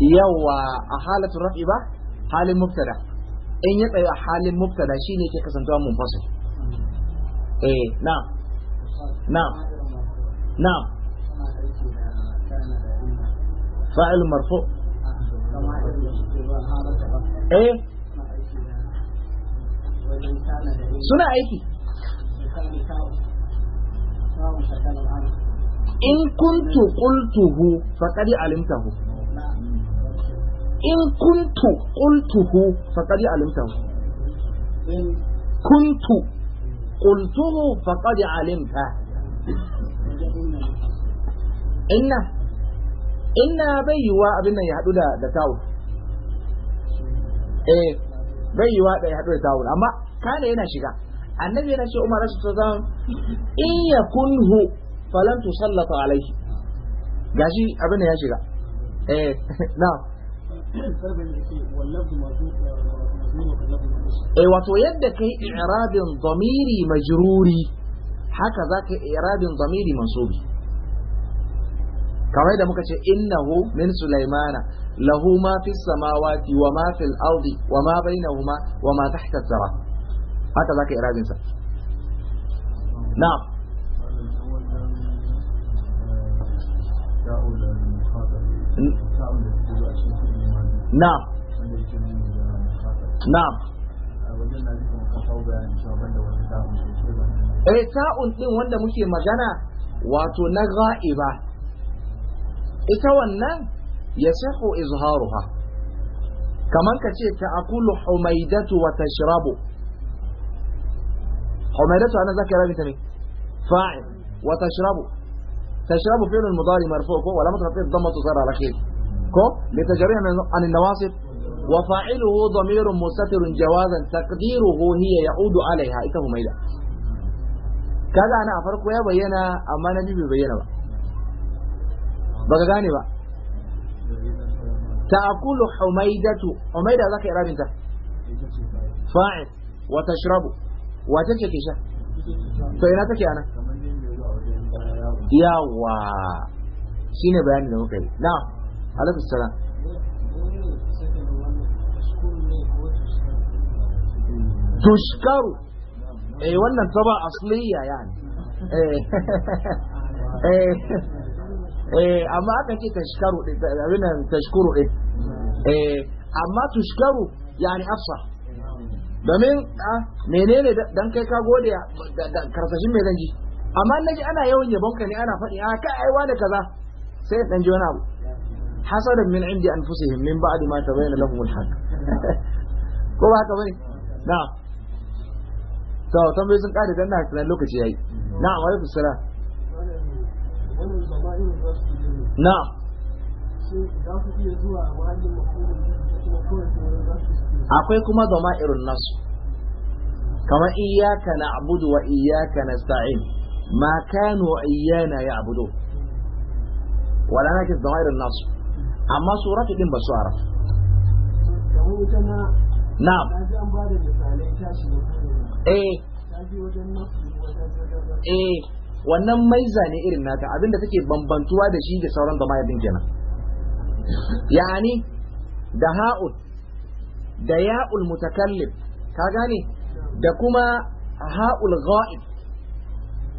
yawa a halatu raf'i ba halin mubtada in ya tsaye a halin mubtada shine ke mun fasu eh na, na, na. fa'il marfu eh suna aiki in kuntu qultuhu faqad alimtahu in kuntu qultuhu faqad alimtahu in kuntu qultuhu faqad alimta inna inna bai yiwa abin nan ya haɗu da da tawo eh bai yiwa da ya hadu da tawo amma kana yana shiga annabi yana ce umar rasul sallallahu in ya kunhu falan tusallata alaihi gashi abin nan ya shiga eh na'am اي واتو يدك اعراب ضميري مجروري حكا ذاك اعراب ضميري منصوبي كما يدى مكتش انه من سليمان له ما في السماوات وما في الارض وما بينهما وما تحت الثرى حكا ذاك اعراب نعم تعود نعم نعم eh ta'un din wanda muke magana wato na ga'iba ita wannan ya sahu izharuha kamar ka ce ta akulu humaidatu wa tashrabu humaidatu ana zaka rabi ta ne fa'il wa tashrabu tashrabu fi'l mudari marfu' wa lamat rafi' dhamma tusara ala khir ko litajariya min an nawasib wa fa'iluhu dhamirun mustatirun jawazan taqdiruhu hiya ya'udu alaiha ita kaga ana a farko ya bayyana amma na bai bayyana ba baka gane ba ta'kulu humaidatu humaida zaka irabinta fa'il wa tashrabu wa tace ke sha to ina take ana bayanin da muka yi alaikum salam tushkaru eh wannan taba asliya yani eh, eh eh amma aka ce tashkaru din abin nan tashkuru din eh amma tushkaru yani afsa domin a ah, menene dan kai ka gode karsashin me zan amma naji ana yawan yabon ka ne ana faɗi a ah, kai aiwa da kaza sai dan ji wani abu hasadan min indi anfusihim min ba'di ma tabayyana lahum al-haq ko ba haka bane na to tambayi sun kare dan na tunan lokaci yayi na wa alaikum salam na akwai kuma zama irin nasu kamar iyaka na abudu wa iyaka na sta'in ma kanu iyana ya abudu wala na ke zama irin nasu amma suratu din ba su arafa na'am eh eh wannan maiza ne irin naka abinda take bambantuwa da shi da sauran gama din kenan yani da ha'ul da ya'ul mutakallim ka gane da kuma ha'ul ghaib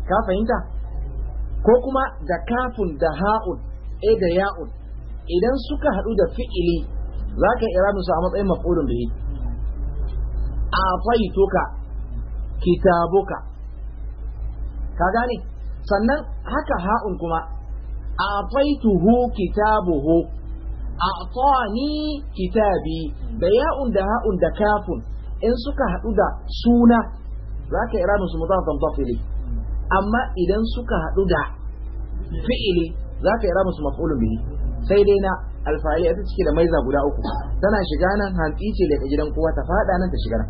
ka fahimta ko kuma da kafun da ha'ul e eh, da ya'ul idan suka haɗu da fi'ili za ka ira musu a matsayin da bihi a faituka kitabuka ka gane sannan haka ha'un kuma a faituhu kitabuhu a tsani kitabi da ya'un da ha'un da kafun in suka haɗu da suna za ka ira musu mutafan tafili amma idan suka haɗu da fi'ili za ka ira musu da bihi sai dai na alfariya ta cike da maiza guda uku tana shiga nan hantsi ce daga gidan kowa ta fada nan ta shiga nan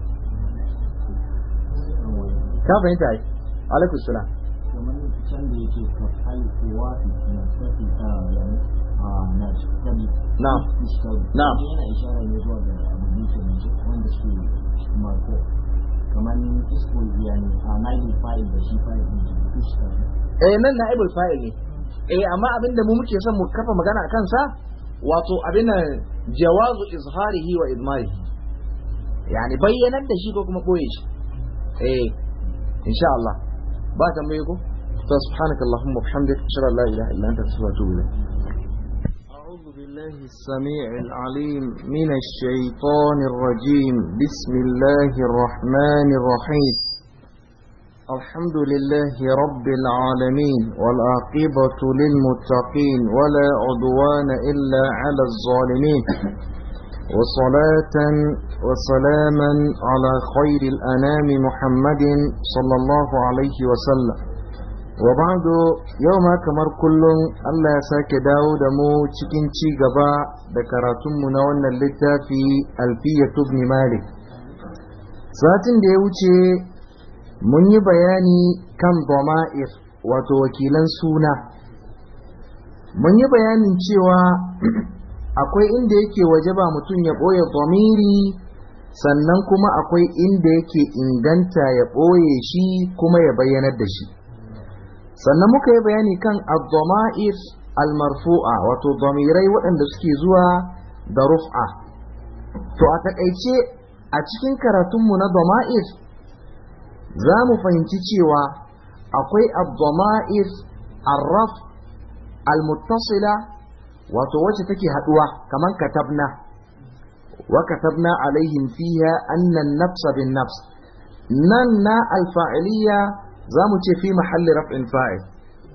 ka fahimta ai alaikum salam na'am na'am kamar a naibul da shi ne eh nan naibul fa'il ne eh amma abinda mu muke son mu kafa magana akan sa wato abin jawazu izharihi wa idmarihi yani bayyanar da shi ko kuma koye shi eh insha Allah ba ta mai ko subhanaka allahumma bihamdika ashhadu an la ilaha illa anta astaghfiruka wa atubu ilayk a'udhu billahi as-sami'il 'alim min ash-shaytanir rajim الحمد لله رب العالمين والآقبة للمتقين ولا عدوان إلا على الظالمين وصلاة وسلاما على خير الأنام محمد صلى الله عليه وسلم وبعد يوم كمر كل الله ساك داود مو تشكنشي قبا ذكرتم منونا اللتا في ألفية ابن مالك ساتن ديوتي mun yi bayani kan doma'ir wato wakilan suna mun yi bayanin cewa akwai inda yake waje ba mutum ya ɓoye domiri sannan kuma akwai inda yake inganta ya ɓoye shi kuma ya bayyanar da shi sannan muka yi bayani kan a domair al-marfu'a wato domirai waɗanda suke zuwa da ruf'a to a taƙaice a cikin karatunmu na doma'ir za mu fahimci cewa akwai abdoma'is arraf almuttasila wato wacce take haduwa kamar katabna wa katabna alaihim fiha annan nafsa bin nafs nan na alfa'iliya za mu ce fi mahalli raf'in fa'il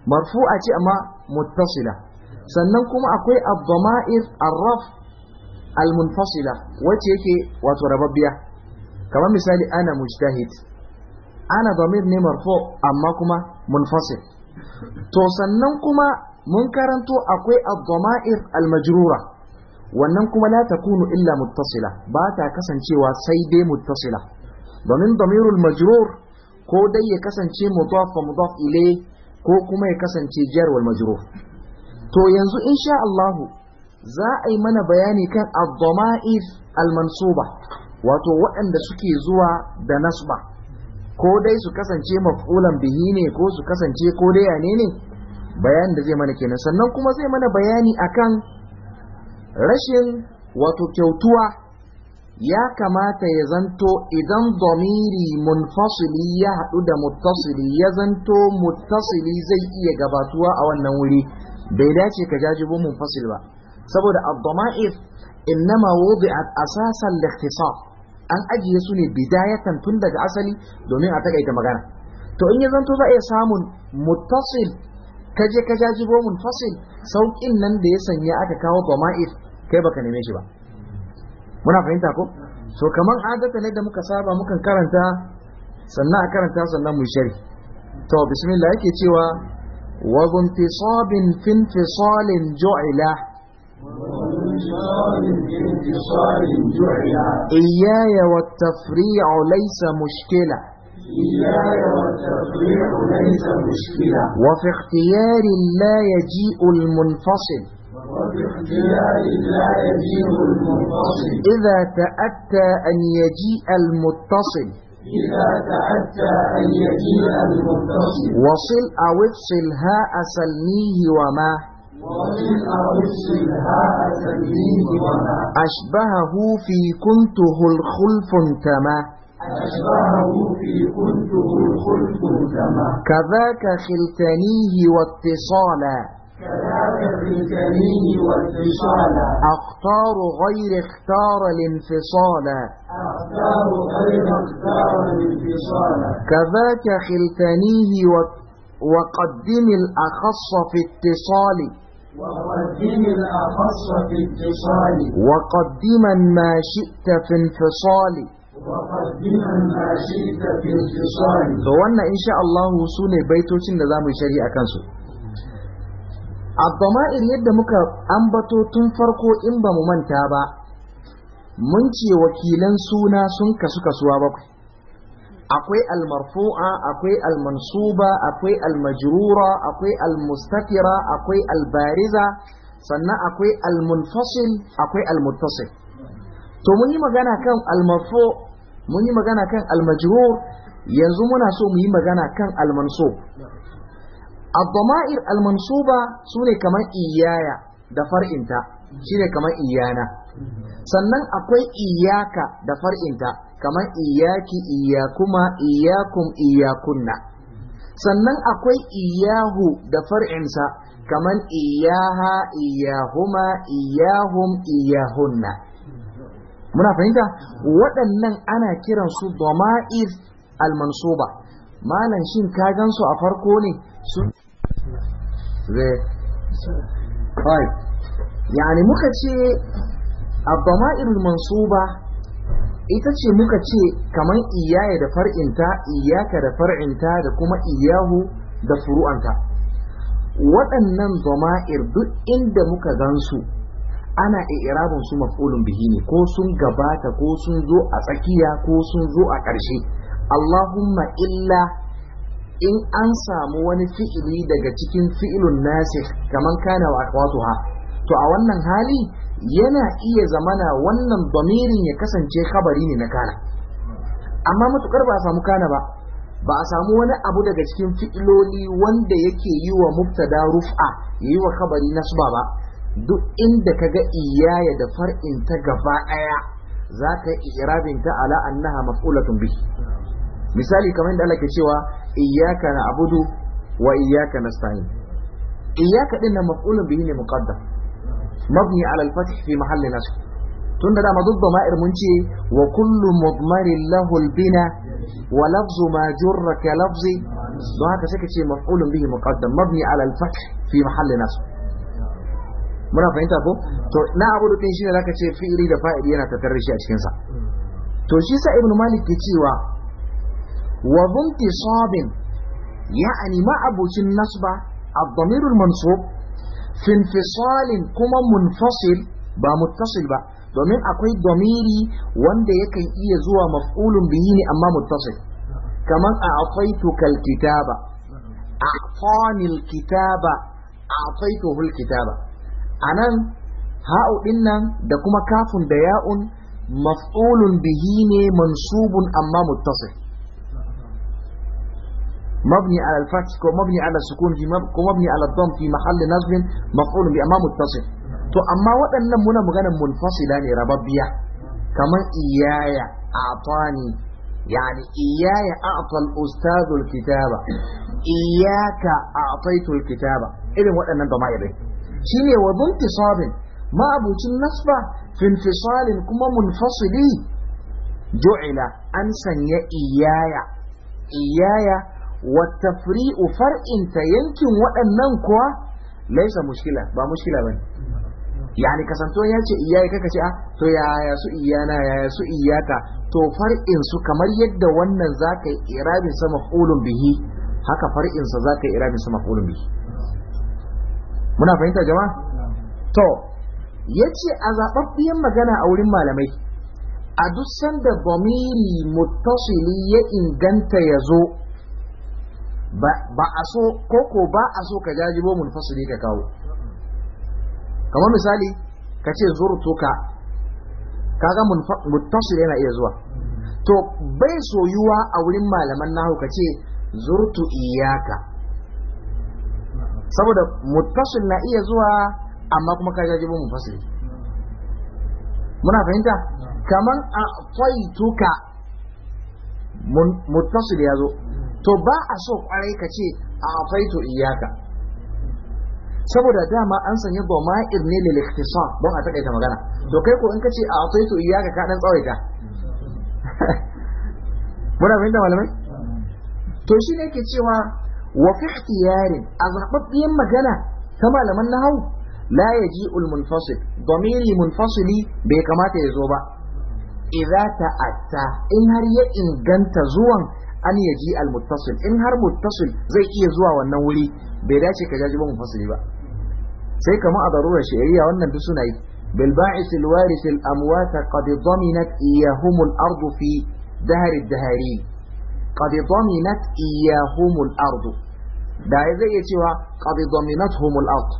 marfu'a ce amma muttasila sannan kuma akwai abdoma'is arraf almunfasila wacce yake wato rababbiya kamar misali ana mujtahid ana damir ne marfo amma kuma munfasil to sannan kuma mun karanto akwai ad-dama'ir al-majrura wannan kuma la takunu illa muttasila ba ta kasancewa sai dai muttasila domin damirul majrur ko dai ya kasance mudaf wa mudaf ko kuma ya kasance jar wal majrur to yanzu insha Allah za a yi mana bayani kan ad-dama'ir al-mansuba wato waɗanda suke zuwa da nasba ko dai su kasance maf'ulan bihi ne ko su kasance ko dai ya ne bayanin da zai mana kenan sannan kuma zai mana bayani akan rashin wato kyautuwa ya kamata ya zanto idan domiri munfasili ya haɗu da muttasili ya zanto muttasili zai iya gabatuwa a wannan wuri bai dace ka jajibo munfasil ba saboda ad-dama'ir innama wudi'at asasan lihtisab an ajiye su ne bidayatan tun daga asali domin a takaita magana to in ya zanto za a iya samun mutasil kaje ka jajibo fasil saukin nan da ya sanya aka kawo bama'ir kai baka neme shi ba muna fahimta ko so kamar adata ne da muka saba mukan karanta sannan a karanta sannan mu shari to bismillah yake cewa wa sabin fin fisalin ju'ila إياي والتفريع ليس مشكلة إياي والتفريع ليس مشكلة وفي اختيار لا يجيء المنفصل وفي اختيار لا يجيء المنفصل إذا تأتى أن يجيء المتصل إذا تأتى أن يجيء المتصل وصل أو افصل هاء سلميه وما أشبهه في كنته الخلف انتمى أشبهه في كنته الخلف كما كذاك خلتنيه واتصالا كذاك خلتنيه واتصالا أختار غير اختار الانفصالا أختار غير اختار الانفصالا كذاك خلتنيه وقدم الأخص في اتصالي وقدما ما شئت في انفصال ga wannan insha Allahu su ne baitocin da za mu shari a kansu abdama'ir yadda muka ambato tun farko in ba mu manta ba mun ce wakilan suna sun kasu kasuwa bakwai akwai almarfu'a akwai almansuba akwai almajrura akwai almustatira akwai albariza sannan akwai almunfasil akwai almuttasil to mun yi magana kan almarfu mun yi magana kan almajrur yanzu muna so mu yi magana kan almansub الضمائر المنصوبة سوني كمان إيايا da far'inta shine kamar iyana sannan akwai iyaka da far'inta kamar iyaki iyakuma iyakum iyakunna sannan akwai iyahu da far'insa kamar iyaha iyahuma iyahum iyahunna muna fahimta waɗannan ana kiransu doma'ir almansuba malam shin ka gansu a farko ne su yani muka ce a الضمائر mansuba ita ce muka ce kamar iyaya da far'inta iyaka da far'inta da kuma iyahu da furu'anta waɗannan zama'ir duk inda muka gansu ana irabin su maf'ulun bihi ne ko sun gabata ko sun zo a tsakiya ko sun zo a ƙarshe Allahumma illa in an samu wani fi'ili daga cikin fi'ilun nasir kamar kana wa to a wannan hali yana iya zamana wannan domirin ya kasance kabari ne na kana amma matukar ba a samu kana ba ba a samu wani abu daga cikin fi'iloli wanda yake yi wa mubtada rufa yi wa kabari nasba ba duk inda kaga iyaya da far'in ta gaba daya za ka yi irabin ta ala annaha maf'ulatun bi, misali kamar da Allah ke cewa iyyaka Abudu wa iyyaka nasta'in iyyaka din na maf'ulun bihi ne muqaddam mabni ala al fi mahalli tunda da madud dama'ir mun ce wa kullu mudmarin lahu al-bina wa lafzu ma jurra haka sai ka ce maf'ulun bihi muqaddam mabni ala al fi mahalli muna fahimta ko to na abu da shine zaka ce fi'ili da fa'ili yana tattare shi a cikinsa. sa to shi ibnu malik ke cewa wa dhunti sabin ya'ani ma abucin nasba a damir al-mansub finfisalin kuma munfasil ba muttasil ba domin akwai domiri wanda yakan iya zuwa maf'ulun bihi ne amma muttasil kaman a afaitukal kitaba a'tanil kitaba a'taituhul kitaba anan ha'u dinnan da kuma kafin da ya'un maf'ulun bihi ne mansubun amma muttasil مبني على الفتح ومبني على السكون في مبني ومبني على الضم في محل نصب مفعول بامام متصل تو اما ودنن مونا مغان منفصل يعني ربابيا كما ايايا اعطاني يعني ايايا اعطى الاستاذ الكتابه اياك اعطيت الكتابه اذا ودنن بما يبي شيء وانتصاب ما ابوتش النصب في انفصال كما منفصل جعل انسن يا اياي اياي والتفريء فرع تيمكن وأنن كوا ليس مشكلة با مشكلة بني yani kasantuwan ya ce iyaye kaka ce a to yaya su iyana yaya su iyaka to far'in su kamar yadda wannan za ka yi irabin sama maf'ulun bihi haka far'in sa za ka yi irabin sama maf'ulun bihi muna fahimta jama'a to Ya ce a zababbiyan magana a wurin malamai a duk sanda bamiri muttasili ya inganta ya zo ba a so koko ba a so ka jajibo munfasili ka kawo kamar misali ka ce zurtuka kaga muttasil yana iya zuwa to bai soyuwa a wurin malaman nahu ka ce zurtu iyaka saboda muttasil na iya zuwa amma kuma ka jajibo munfasili muna fahimta kaman a tuka muttasil ya zo to ba a so kwarai ka ce a afaito iyaka saboda dama an sanya ba doma'ir ne lil ikhtisar don a takaita magana to kai ko in ka ce a afaito iyaka ka dan tsawaita muna fahimta malamai to shi ne ke cewa wa fi ikhtiyarin a zaɓaɓɓiyar magana ta malaman nahawu la yaji'u al-munfasil domiri munfasili bai kamata ya zo ba idza ta'atta in har ya inganta zuwan an yaji almuttasil in har muttasil zai iya zuwa wannan wuri bai dace ka jaji ba mufassili ba sai kama a darurar shari'a wannan duk suna yi bil ba'is al waris al amwat qad dhaminat iyahum al ard fi dahr al dahari qad dhaminat iyahum al ard da zai iya cewa qad dhaminat hum al ard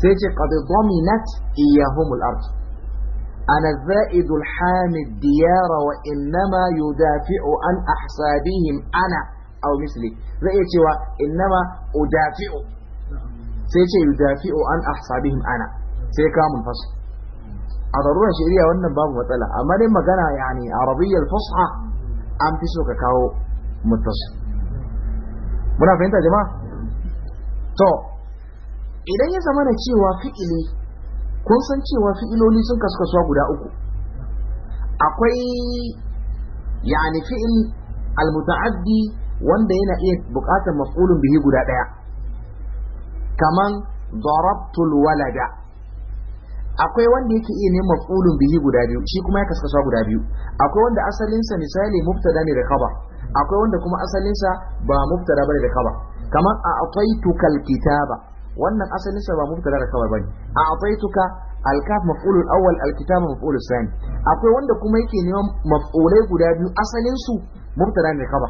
sai ce qad dhaminat iyahum al ard أنا الزائد الحامد ديار وإنما يدافع عن أحسابهم أنا أو مثلي زي cewa أدافع سيتي يدافع عن أحسابهم أنا سيكا منفصل a zarurar shari'a wannan babu matsala amma dai magana yani arabiyyar fasha an fi so ka kawo mutasil muna fahimta jama'a to idan ya zama na cewa fi'ili kun san cewa fi'iloli sun kaskasuwa guda uku akwai yani fi'il almuta'addi wanda yana iya buƙatar mas'ulun bihi guda ɗaya kaman darabtul walada akwai wanda yake iya neman mas'ulun bihi guda biyu shi kuma ya kaskasuwa guda biyu akwai wanda asalinsa misali mubtada ne da khabar akwai wanda kuma asalinsa ba mubtada bane da khabar kaman a ataitukal kitaba wannan asalin sa ba mubtada da kawai bane a ataituka alkaf maf'ulul awwal Alkitab maf'ulus sani akwai wanda kuma yake neman maf'ulai guda biyu asalin su mubtada ne kaba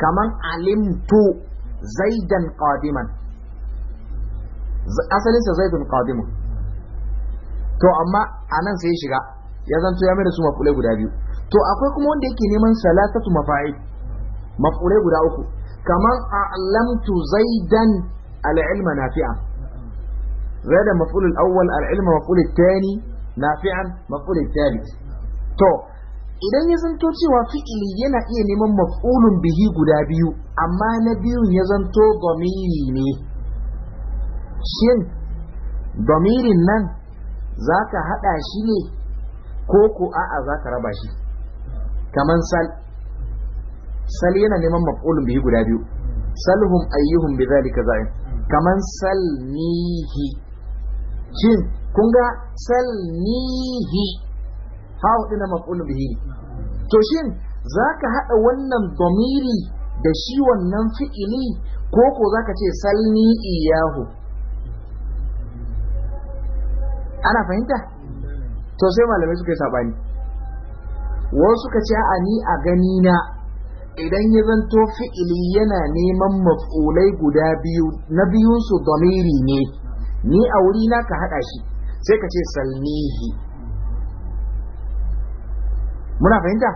kaman alimtu zaidan qadiman asalin sa zaidun qadimun to amma anan sai ya shiga ya zanto ya mai su maf'ulai guda biyu to akwai kuma wanda yake neman salatatu mafa'il maf'ulai guda uku kaman a'lamtu zaidan العلم نافعا زاد مفعول الأول العلم مفعول الثاني نافعا مفعول الثالث تو idan ya zanto cewa fi'ili yana iya neman maf'ulun bihi guda biyu amma na biyun ya zanto domiri ne shin domirin nan za ka haɗa shi ne ko ko a'a za ka raba shi kamar sal sal yana neman maf'ulun bihi guda biyu salhum ayyuhum bi zalika za'in kaman salmihi shin kun ga salmihi hawa ɗina maf'ul bihi to shin za ka haɗa wannan domiri da shi wannan fi'ili ko ko za ka ce salni iyahu ana fahimta to sai malamai suka yi saɓani wasu suka ce a ni a gani na idan ya zanto fi'ili yana neman maf'ulai guda biyu na biyunsu domiri ne ni a wuri na ka haɗa shi sai ka ce salmihi muna fahimta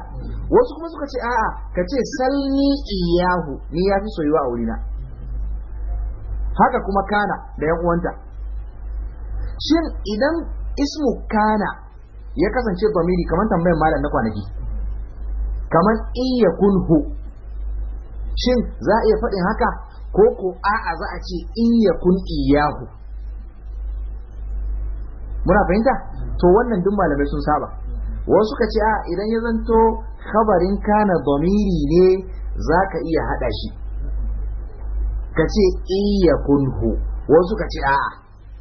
wasu kuma suka ce a'a ka ce salmi iyahu ni ya fi soyuwa a wurina haka kuma kana da yan uwanta shin idan ismu kana ya kasance domiri kamar tambayar malam na kwanaki kamar iya kunhu shin za a iya faɗin haka ko ko a'a za a ce in kun iyahu muna fahimta to wannan duk malamai sun saba wasu suka ce a idan ya zanto khabarin kana domiri ne za ka iya haɗa shi ka ce iya kunhu wasu suka ce a'a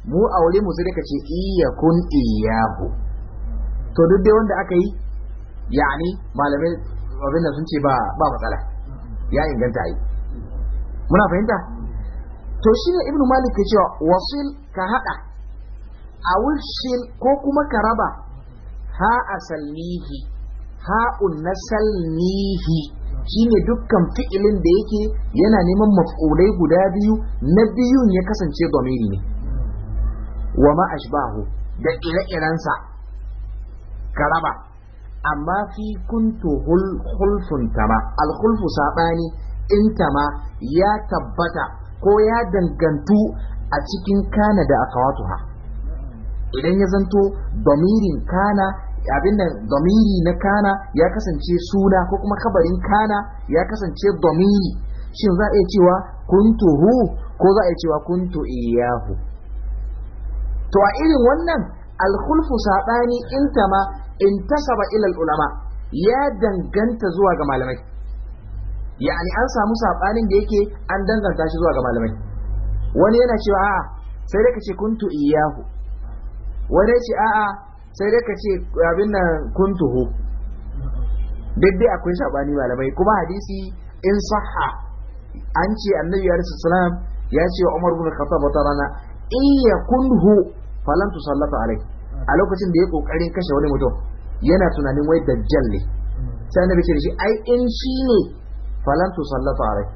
mu a wuri mu sai ka ce iya kun iyahu to duk dai wanda aka yi yani malamai abin da sun ce ba matsala ya inganta yi muna fahimta to shi ne Ibn malik ke cewa wasil ka hada a wulshil ko kuma ka raba ha asalnihi ha'un Shi ne dukkan fi'ilin da yake yana neman maf'ulai guda biyu na biyun ya kasance domini ne wa ma'ashbahu da ire-irensa ka raba amma fi kuntu hulfun tama alhulfu saɓani in tama ya tabbata ko ya dangantu a cikin kana da akawatuha idan ya zanto domirin kana abin da domiri na kana ya kasance suna ko kuma kabarin kana ya kasance domiri shin za a iya cewa kuntu hu ko za a iya cewa kuntu iyahu to a irin wannan alkhulfu saɓani in tama intasaba ilal ulama ya danganta zuwa ga malamai yani an samu sabanin da yake an danganta shi zuwa ga malamai wani yana cewa a'a sai dai kace kuntu iyahu wani ya ce a'a sai dai kace abin nan hu duk dai akwai sabani malamai kuma hadisi in sahha an ce annabi ya rasu salam ya ce wa umar bin khattab wata rana in yakunhu falan tusallata alai a lokacin da ya kokarin kashe wani mutum yana tunanin wai dajjal ne sai annabi ce shi ai in shi ne falan tu sallata alai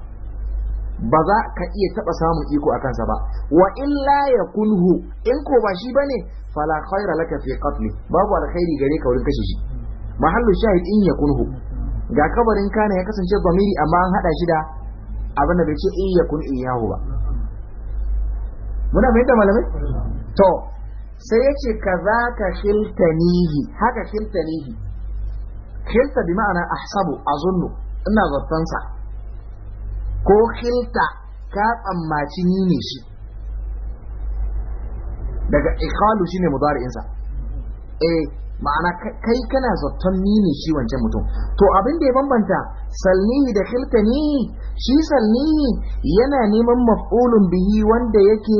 ba za ka iya taba samun iko akan sa ba wa illa yakunhu in ko ba shi bane fala khaira laka fi qatli babu alkhairi gare ka wurin kashe shi mahallu shahid in yakunhu ga kabarin kana ya kasance bamiri amma an hada shi da abin da bai ce in yakun iyahu ba muna da malamai to sai ya ce ka za ka nihi haka nihi, shilta bi ma'ana ahsabu a zunnu ina zartansa ko shilta ka tsammaci ni ne shi daga ikhalu shi ne mudari'insa e ma'ana kai kana zaton ni ne shi wancan mutum to abin da ya bambanta salnihi da ni, shi salnihi yana neman maf'ulun bihi wanda yake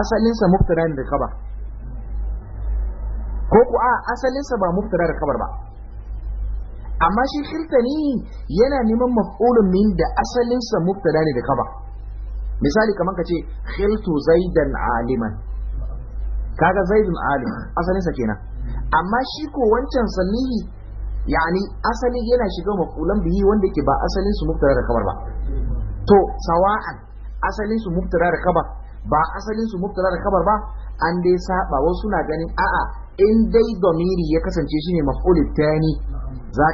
asalinsa mubtada da kaba ko ku a asalinsa ba muftara da kabar ba amma shi khiltani yana neman maf'ulun min da asalinsa muftara ne da kabar misali kamar ka ce khiltu zaidan aliman kaga zaidun alim asalinsa kenan amma shi ko wancan sannihi yani asali yana shiga mafulan bihi wanda yake ba asalin su muftara da kabar ba to sawa'an asalin su muftara da kabar ba asalin su muftara da kabar ba an dai saba wasu na ganin a'a in dai Domini ya kasance shi ne maf'ulul tani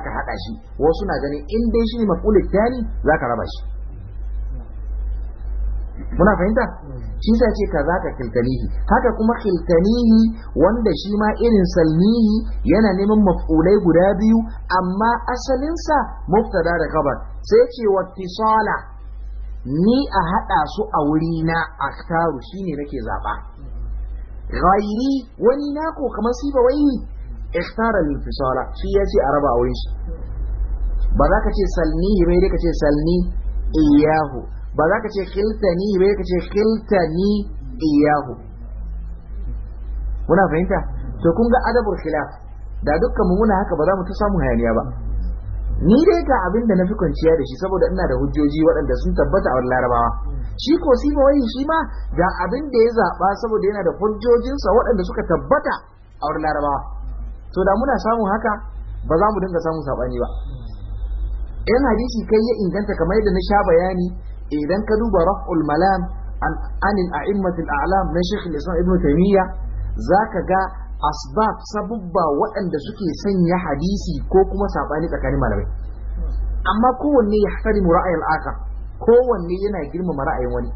ka haɗa shi wasu na ganin in dai shi ne maf'ulul tani ka raba shi muna fahimta shi sa ce ka zaka kiltanihi haka kuma kiltanihi wanda shi ma irin salmihi yana neman maf'ulai guda biyu amma asalinsa muftada da kabar sai ce wattisala ni a haɗa su a wuri na aktaru ne nake zaɓa. ghairi wani nako kamar sifa waini ikhtara al-infisala shi yace a raba auren shi ba za ka ce salni bai dai ka ce salni iyahu ba za ka ce khiltani bai ka ce khiltani iyahu muna fahimta to kun ga adabul khilaf da dukkan mu muna haka ba za mu ta samu hayaniya ba ni dai ga abin da na fi kwanciya da shi saboda ina da hujjoji waɗanda sun tabbata a larabawa shi ko ba wai shi ma ga abin da ya zaɓa saboda yana da hujjojinsa waɗanda suka tabbata a larabawa to da muna samu haka ba za mu dinga samun saɓani ba in hadisi kai ya inganta kamar yadda na sha bayani idan ka duba raf'ul malam an anil a'immatil a'lam na shaykh al ibn taymiya zaka ga asbab sabubba waɗanda suke sanya hadisi ko kuma saɓani tsakanin malamai amma kowanne ya hasari mu ra'ayin aka kowanne yana girmama ra'ayin wani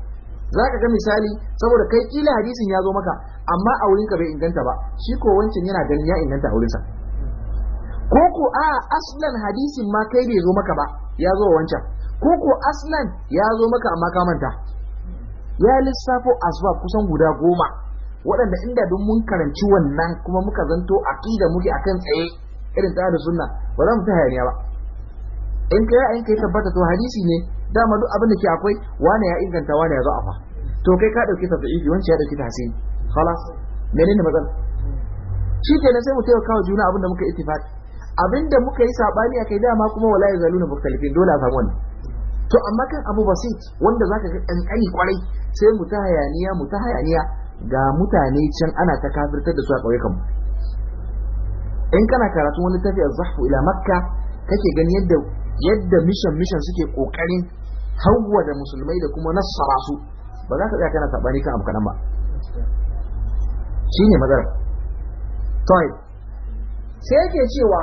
za ka ga misali saboda kai kila hadisin ya zo maka amma a wurinka bai inganta ba shi ko wancan yana ganin ya inganta a wurinsa ko ko a aslan hadisin ma kai bai zo maka ba ya zo wancan ko ko aslan ya zo maka amma ka manta ya lissafo asbab kusan guda goma waɗanda inda don mun karanci wannan kuma muka zanto a da muke akan tsaye irin ta da sunna ba za mu ta hayaniya ba in kai yin kai tabbata to hadisi ne dama duk abin da ke akwai wane ya inganta wane ya za'afa to kai ka ɗauki ta wancan ya dauke ta hasini khalas menene matsala shi kenan sai mu taimaka wa juna abin da muka ittifaqi abin da muka yi sabani kai, dama kuma wala na mukhtalifin dole a samu wannan to amma kan abu basit wanda zaka ga kankani kwarai sai mu ta hayaniya mu ta hayaniya ga mutane can ana ta kafirtar da su a ƙauyukan in kana karatu wani tafiya zahfu ila makka kake gani yadda yadda mission mission suke kokarin hawwa da musulmai da kuma nasara su ba za ka tsaya kana sabani kan abu kaɗan ba shine magana toy sai yake cewa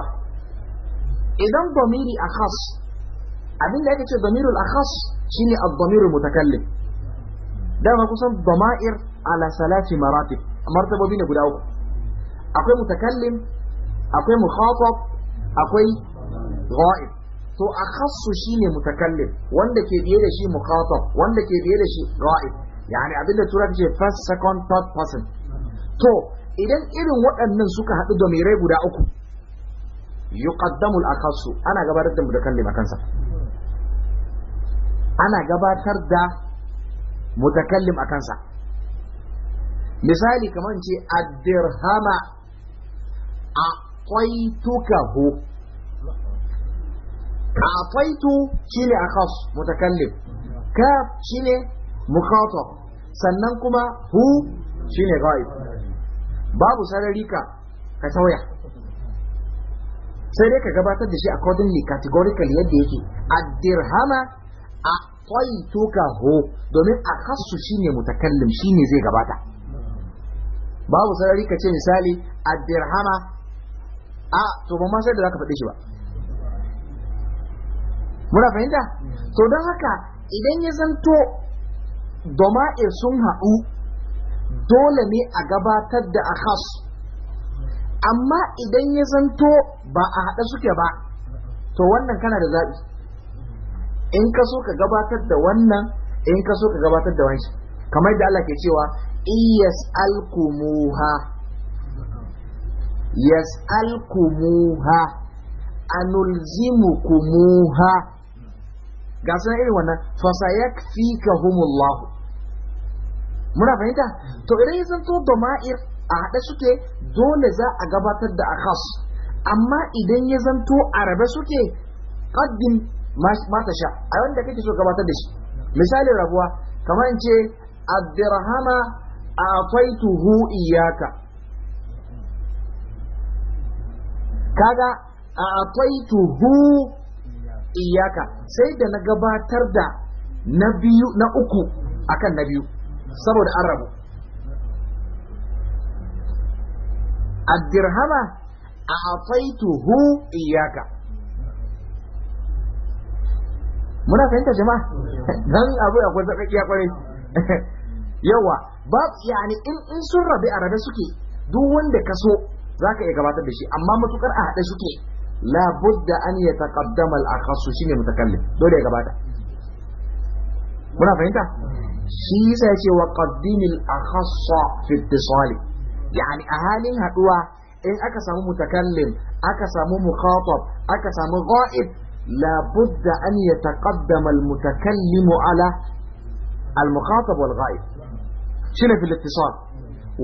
idan domiri akhas abin da yake ce domirul akhas shine ad-domirul mutakallim dama kusan domair ala salati maratib martabobi ne guda uku akwai mutakallim akwai mukhatab akwai ghaib to akhassu shine mutakallim wanda ke biye da shi mukhatab wanda ke biye da shi ghaib yani abinda turan ce first second third person to idan irin waɗannan suka haɗu da mirai guda uku yuqaddamul akhassu ana gabatar da mutakallim akan sa ana gabatar da mutakallim akan sa misali kamar ce addirhama a kwaitukahu a kwaitu shi ne akas mutakallim ka shi ne mukhatab sannan kuma hu shi ne ghaib babu sarari ka ka sauya sai dai ka gabatar da shi accordingly categorically yadda yake addirhama a kwaitukahu domin kasu shi ne mutakallim shi ne zai gabata babu sarari ka ce misali dirhama a to ban ma sai da zaka faɗi shi ba muna fahimta to don haka idan ya zanto doma'ir sun haɗu dole ne a gabatar da akhas amma idan ya zanto ba a haɗe suke ba to wannan kana da zaɓi in ka so ka gabatar da wannan in ka so ka gabatar da wani, kamar da Allah ke cewa iyas alkumuha yas alkumuha anulzimukumuha ga sun irin wannan fasayak fika humullahu muna fahimta to idan ya zanto doma'ir a haɗe suke dole za a gabatar da akas amma idan ya zanto a rabe suke ƙaddin matasha, sha a wanda kake so gabatar da shi misali rabuwa kamar ce addirhama a'taituhu a kaga tuhu iyaka sai da na gabatar da na biyu na uku akan na biyu saboda an rabu akwai tuhu iyaka muna fahimta jama'a mm. dan abu akwai zakaki akwai yawa ba yani in in sun rabe a rabe suke duk wanda ka so zaka iya gabatar da shi amma matukar a haɗe suke la budda an yataqaddama al-akhas shine mutakallim dole ya gabata muna fahimta shi yasa yace wa qaddimil akhas fi ittisali yani a halin haduwa in aka samu mutakallim aka samu mukhatab aka samu ghaib la budda an yataqaddama al-mutakallimu ala al-mukhatab wal ghaib shine fil ittisal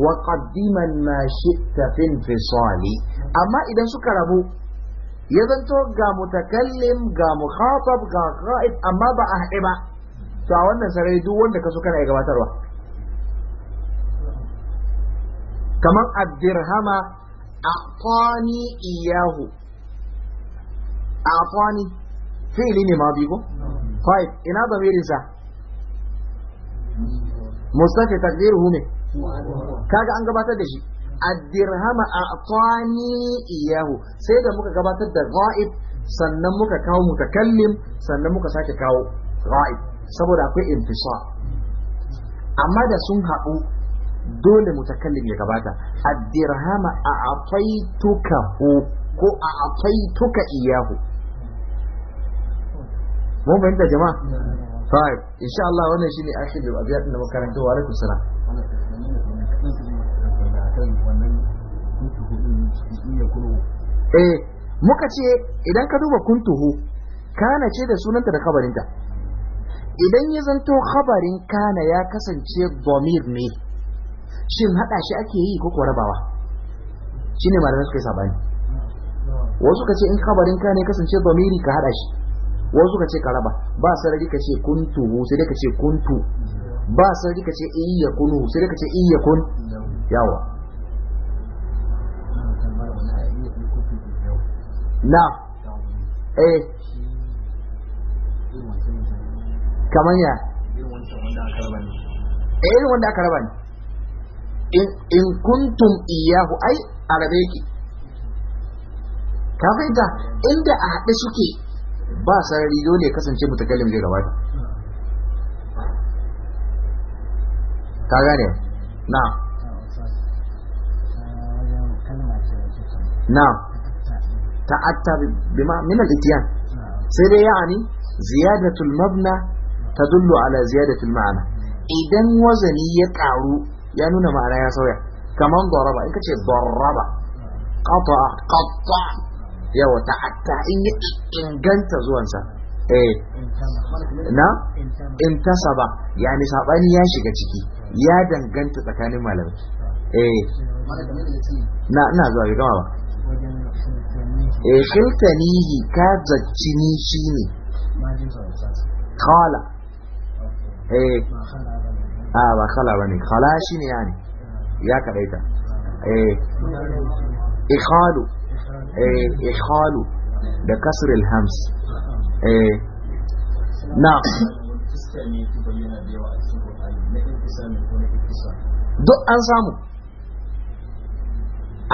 wa qaddiman ma shi'ta fil fisali amma idan suka rabu ya zanto ga mutakallim ga mukhatab ga qa'id amma ba a haɗe ba to a wannan sarai duk wanda ka so kana ya gabatarwa kamar addirhama a'tani iyahu a'tani fi'li ne ma ko? fa'id ina damirin sa mustafi takdiruhu ne kaga an gabatar da shi addirhama a'tani iyahu sai da muka gabatar da ra'id, sannan muka kawo mutakallim sannan muka sake kawo ra'id, saboda akwai intisa amma da sun haɗu dole mutakallim ya gabata addirhama a'taituka ko a'taituka iyahu mun bayyana jama'a 5 insha Allah, wannan shine akhir abiyat na makaranta wa alaikum salam eh muka ce idan ka duba kuntuhu kana ce da sunanta da kabarinta idan ya zanto khabarin kana ya kasance domir ne shin hada shi ake yi ko rabawa shine malamai suka yi sabani wasu ka ce in khabarin kana ya kasance domiri ka hada shi wasu ka ce ka raba ba sarari ka ce kuntu sai dai ka ce kuntu ba sarari ka ce iya kunu sai dai ka ce iya kun yawa na eh kamar ya eh, irin wanda aka raba ne in kuntum iyahu ai a rabe yake ka fahimta inda a haɗe suke ba sarari dole ya kasance mutakallim zai gabata ka gane na na ta'atta bima min al-ityan sai dai yani ziyadatul mabna tadullu ala ziyadatul ma'ana idan wazani ya karu ya nuna ma'ana ya sauya kaman daraba in kace daraba qata qata yawa ta hatta in yi inganta zuwansa eh na intasa ba ne sabani ya shiga ciki ya danganta tsakanin malamai eh na ina zuwa ga gama ba eh khiltanihi ka shi ne. Kala. eh a ba khala bane khala shine ne ya kadaita eh ikhalu إخالو إيه، ده كسر الهمس إيه. نعم دو أنزامو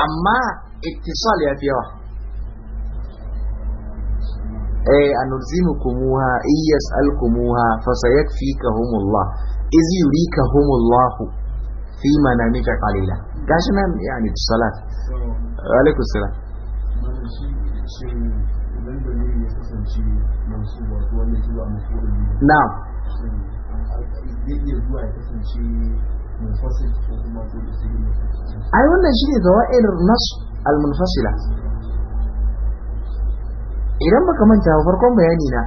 أما اتصال يا فيها أي أنزمكموها إن يسألكموها فسيكفيكهم الله إذ يريكهم الله في منامك قليلا كاشنا نعم يعني بالصلاة عليكم السلام na'am ai wannan shi ne zawa'ir nasu al-munfasila idan muka manta farkon bayani na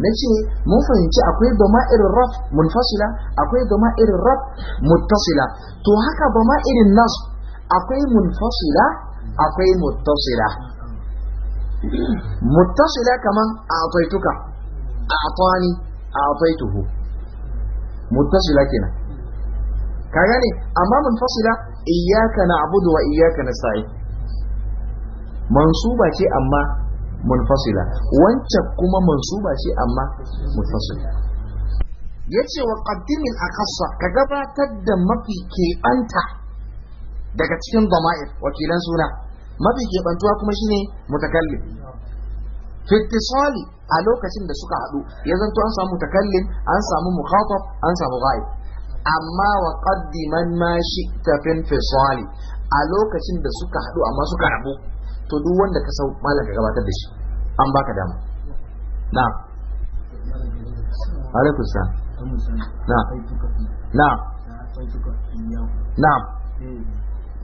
na ce mun fahimci akwai dama irin raf munfasila akwai dama irin raf mutasila, to haka dama irin nasu akwai munfasila akwai muttasila muttasila kaman a a afaituka, a'taituka a'tani a'taituhu muttasila kenan ka gane amma mun iyaka na na'budu wa iyaka iyyaka nasta'in mansuba ce amma mun munfasila wancan kuma mansuba ce amma mun Ya ce wa ƙaddimin a ƙasa ka gabatar da mafi keɓanta daga cikin Bama'ir, wakilan suna mafi keɓantuwa kuma shine mutakallim fittisali a lokacin da suka haɗu ya zanto an samu mutakallim an samu mukhatab an samu ghaib amma wa qaddiman ma ta fisali a lokacin da suka haɗu amma suka rabu to duk wanda ka sau malam ka gabatar da shi an baka dama Na. alaikum salam na na na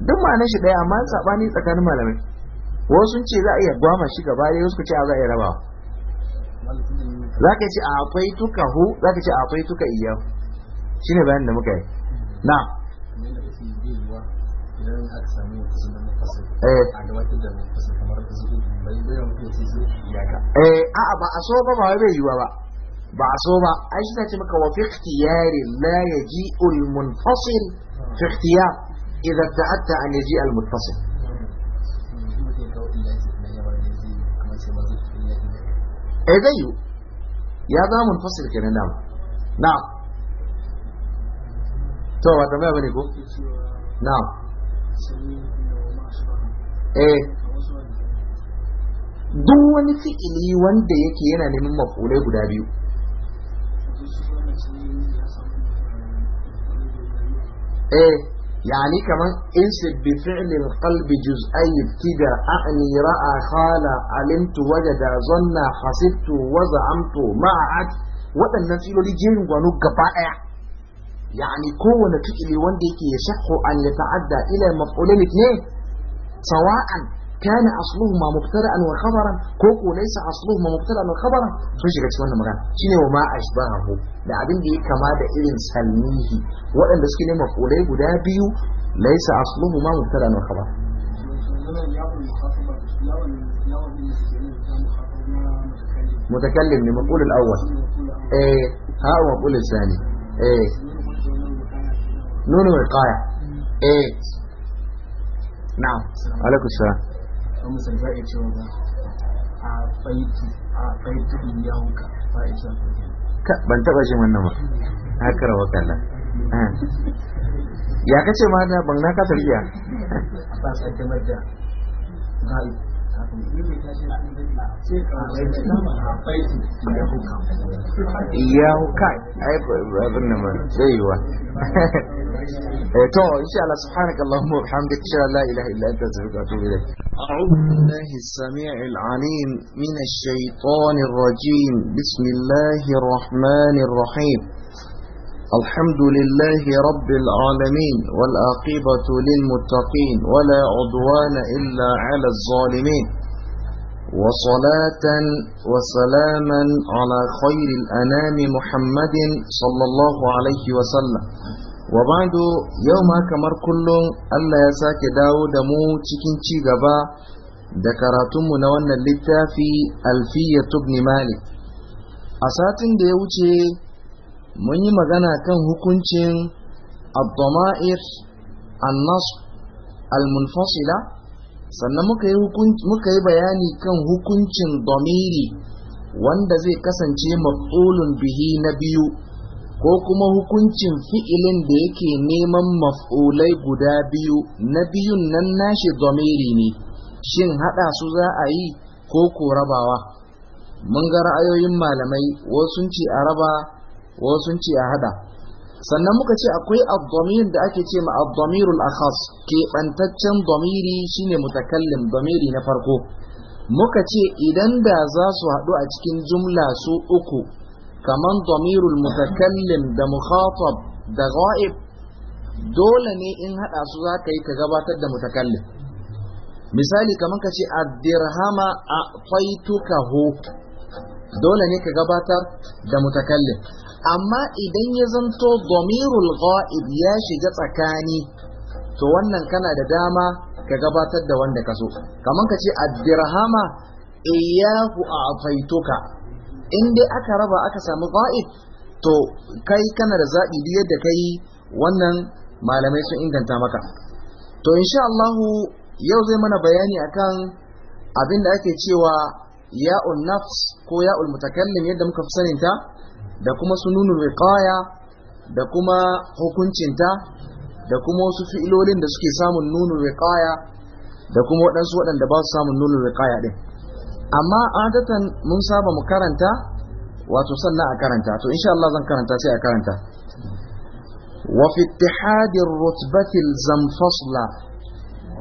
duk ma'anar shi ɗaya amma sabani tsakanin malamai wasu sun ce za a iya gwama shi gaba da wasu ce za a iya rabawa za ka ce akwai tuka hu za ka ce akwai tuka iya shi ne bayan da muka yi na idan da a a'a ba a so ba ba bai yiwa ba ba a so ba ai shi ce maka wa fi la إذا ابتعدت عن يجيء المتصل إيه زيه يا ذا منفصل كنا نعم نعم طيب، تو ما بنيكو نعم إيه دون wani fi'ili wanda yake yana neman mafulai guda biyu eh يعني كمان انسب بفعل القلب جزئي ابتدى أعني رأى خال علمت وجد ظن حسبت وزعمت مع عد وأن نفيل لجن ونقبائع يعني كون فعل وندك يشح أن يتعدى إلى مفعولين اثنين سواء كان أصلهما مبتدأ وخبرا كوكو ليس أصلهما مبتدأ وخبرا فشي shiga cikin wannan magana وما wa ma ashbahu da abin da ya kama da irin salmihi waɗanda ليس أصلهما مبتدأ وخبرا متكلم لمقول الأول ايه ها ومقول الثاني ايه نون وقاية ايه نعم عليكم السلام an musanta ya ce wanda a faiti a faiti in ya hunka ba ya ce ka ban taba shi wannan ba na karawa kallon ya kace ma da ban na kasar iya ba tsaddamar da ga'ib iyahu kai ai abin nan zai yiwa eh to insha Allah subhanakallahumma wa bihamdika insha Allah ilaha illa anta astaghfiruka wa a'udhu billahi as-sami'il 'alim min ash-shaytanir rajim bismillahir الحمد لله رب العالمين والآقبة للمتقين ولا عدوان إلا على الظالمين وصلاة وسلاما على خير الأنام محمد صلى الله عليه وسلم وبعد يوم كمر كل الله يساك داود مو تكين تيغبا دكراتم نوانا للتافي ألفية ابن مالك أساتن ديوتي mun yi magana kan hukuncin abdoma'ir al almunfasila sannan muka yi bayani kan hukuncin domiri wanda zai kasance maf'ulun bihi na biyu ko kuma hukuncin fi'ilin da yake neman maf'ulai guda biyu na biyun nan nashi domiri ne shin haɗa su za a yi ko ko rabawa mun ga ra'ayoyin malamai wasu ce a raba wasu sun ce a hada sannan muka ce akwai abdomin da ake ce ma abdomirul akhas keɓantaccen domiri shine mutakallin domiri na farko muka ce idan da za su haɗu a cikin jumla su uku kaman domirul mutakallim da mukhatab da ghaib dole ne in haɗa su za ka yi ka gabatar da mutakallin. misali kaman ka ce a dirhama a faitukahu dole ne ka gabatar da mutakallin. amma idan ya zanto domirul ga'ib ya shiga tsakani to wannan kana da dama ka gabatar da wanda ka so kamar ka ce addirhama iyahu a'taituka in dai aka raba aka samu ga'ib to kai kana da zaɓi biyar da kai wannan malamai sun inganta maka to insha Allah yau zai mana bayani akan abin da ake cewa ya'un nafs ko ya'ul mutakallim yadda muka fi saninta da kuma sununul riqaya da kuma hukuncinta da kuma wasu fi'ilolin da suke samun nunul riqaya da kuma waɗansu waɗanda ba su samun nunul riqaya din amma adatan mun saba mu karanta wato sannan a karanta to insha Allah zan karanta sai a karanta wa fi ittihadir rutbatil zamfasla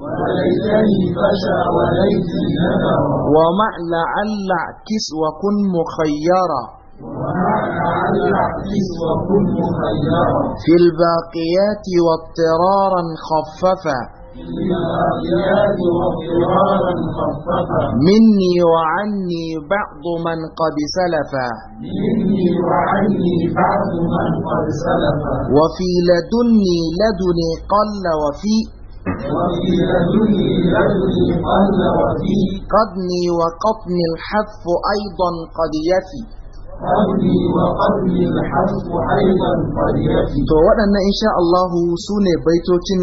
وليتني وليتني ومع لعل اعكس وكن مخيرا ومع لعل اعكس وكن مخيرا في الباقيات واضطرارا خففا مني وعني بعض من قد سلفا وفي لدني لدني قل وفي قدني وقطني الحذف أيضا قد يفي to waɗannan insha Allahu su ne baitocin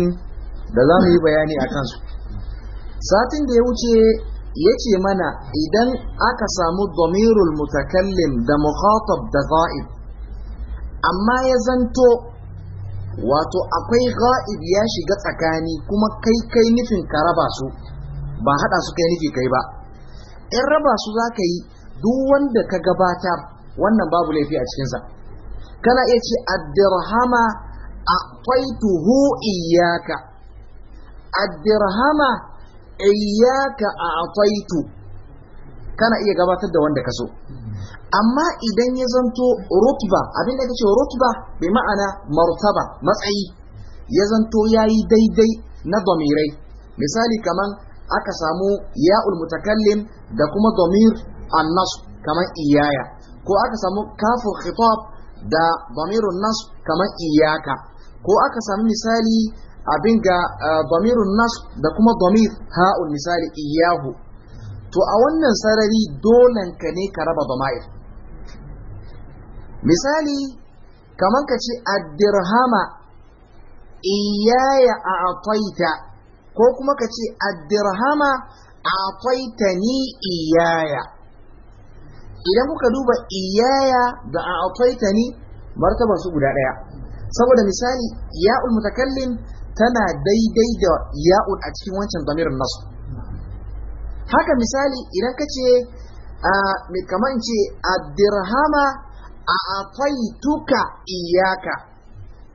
da za mu yi bayani a kansu satin da ya wuce ya ce mana idan aka samu domirul mutakallim da mukhatab da za'ib amma ya zanto wato akwai ga'ib ya shiga tsakani kuma kai kai nufin ka raba su ba haɗa su kai nufi kai ba in raba su za ka yi duk wanda ka gabata wannan babu laifi a cikinsa kana iya ce addirhama a hu iyaka addirhama iyaka a kana iya gabatar da wanda ka so amma idan ya zanto rutba abin da kace rutba bi ma'ana martaba matsayi ya zanto yayi daidai na domirai misali kaman aka samu ya'ul mutakallim da kuma domir annas kaman iyaya ko aka samu kafin khitab da domirun nas kaman iyaka ko aka samu misali abin ga eh, domirun nas da kuma domir ha'ul misali iyahu to a wannan sarari dolen ka ne ka raba dama'ir misali kamar ka ce addirhama iyaya a ataita ko kuma ka ce addirhama ataita ni iyaya idan kuka duba iyaya da a ni martaba su guda ɗaya saboda misali ya'ul mutakallim tana daidai da ya'ul a cikin wancan zamirin nasu haka misali idan ka ce ah, kamar in ce addirhama a afaituka iyaka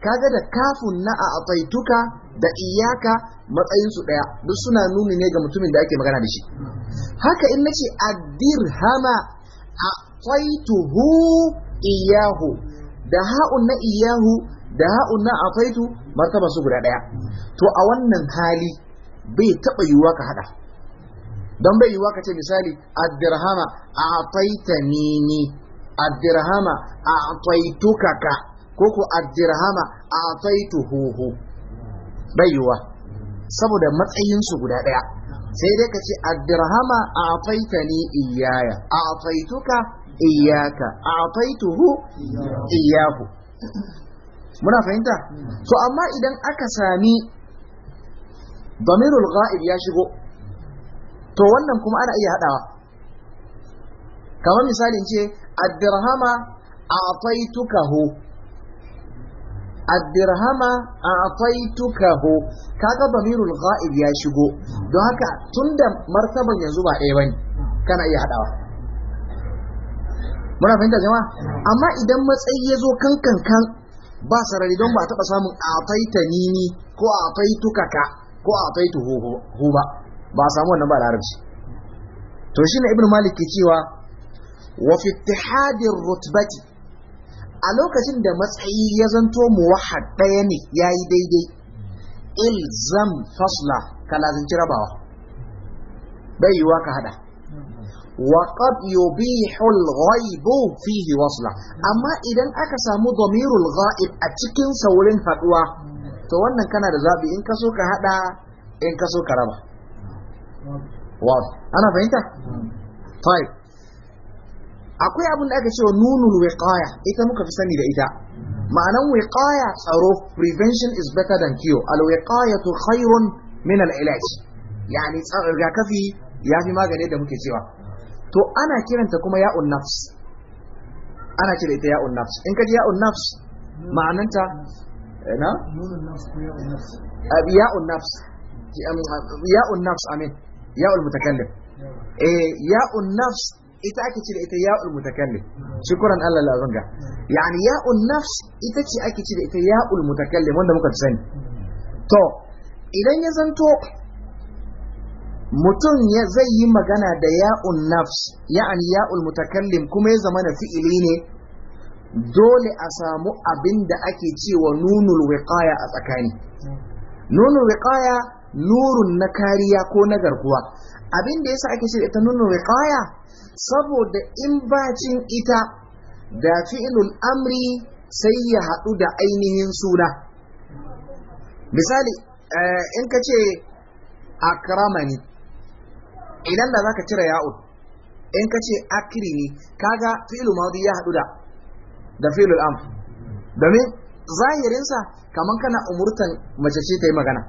kaga da kafun na a afaituka da iyaka matsayinsu ɗaya duk suna nuni ne ga mutumin da ake magana da shi haka in nace addirhama faituhu iyahu da ha'un na iyahu da ha'un na afaitu martaba su guda ɗaya to a wannan hali bai taɓa yiwuwa ka haɗa don bai yiwuwa ka ce misali addirhama a afaita ni addirhama a ataitukaka ko ku addirhama a ataituhuhu baiwa saboda matsayinsu guda ɗaya sai dai ka ce addirhama a ataitani iyaya a ataituka iyaka a ataituhu iyaku muna fahimta to amma idan aka sami damirul ghaib ya shigo to wannan kuma ana iya haɗawa kamar misalin ce addirhama a'taitukahu addirhama a'taitukahu kaga damirul ghaib ya shigo don haka da martaban yanzu ba ɗaya bane kana iya hadawa muna fahimta jama'a amma idan matsayi ya zo kan kan kan ba sarari don ba taɓa samun ataita nini ko ataituka ka ko ataitu hu ba ba a samu wannan ba larabci to shi na ibn malik ke cewa wa fi ittihadin rutbati a lokacin da matsayi ya zanto muwahad ɗaya ne ya yi daidai ilzam fasla ka lazanci rabawa bai yiwa ka hada wa qad yubihu al-ghaibu fihi wasla amma idan aka samu dhamirul ghaib a cikin saurin haduwa to wannan kana da zabi in ka so ka hada in ka so ka raba wa ana fahimta طيب hmm. akwai abin da aka cewa nunul wiqaya ita muka fi sani da ita ma'anan wiqaya tsaro prevention is better than cure al wiqayatu khairun min al ilaj yani rigakafi ya fi magani da muke cewa to ana kiranta kuma ya'un nafs ana kira ita ya'un nafs in ka ji ya'un nafs ma'ananta na ya'un nafs ya'un nafs amin ya'ul mutakallim eh ya'un nafs ita ake cire ita ya'ul mutakallim shukran Allah la zanga yani ya'un nafs ita ce ake cire ita ya'ul mutakallim wanda muka sani to idan ya zanto mutum ya zai yi magana da ya'un nafs ya'ani ya'ul mutakallim kuma ya zama na fi'ili ne dole a samu abinda ake cewa nunul wiqaya a tsakani nunul wiqaya nurun na kariya ko na garkuwa abin da yasa ake ce ita nuna riqaya saboda in bacin ita da fi'lul amri sai ya haɗu da ainihin suna misali eh, in ka ce akramani idan da zaka cire ya'u in ka ce akrimi kaga fi'lul madi ya haɗu da da fi'lul amr domin zahirinsa kaman kana umurtan mace ce ta yi magana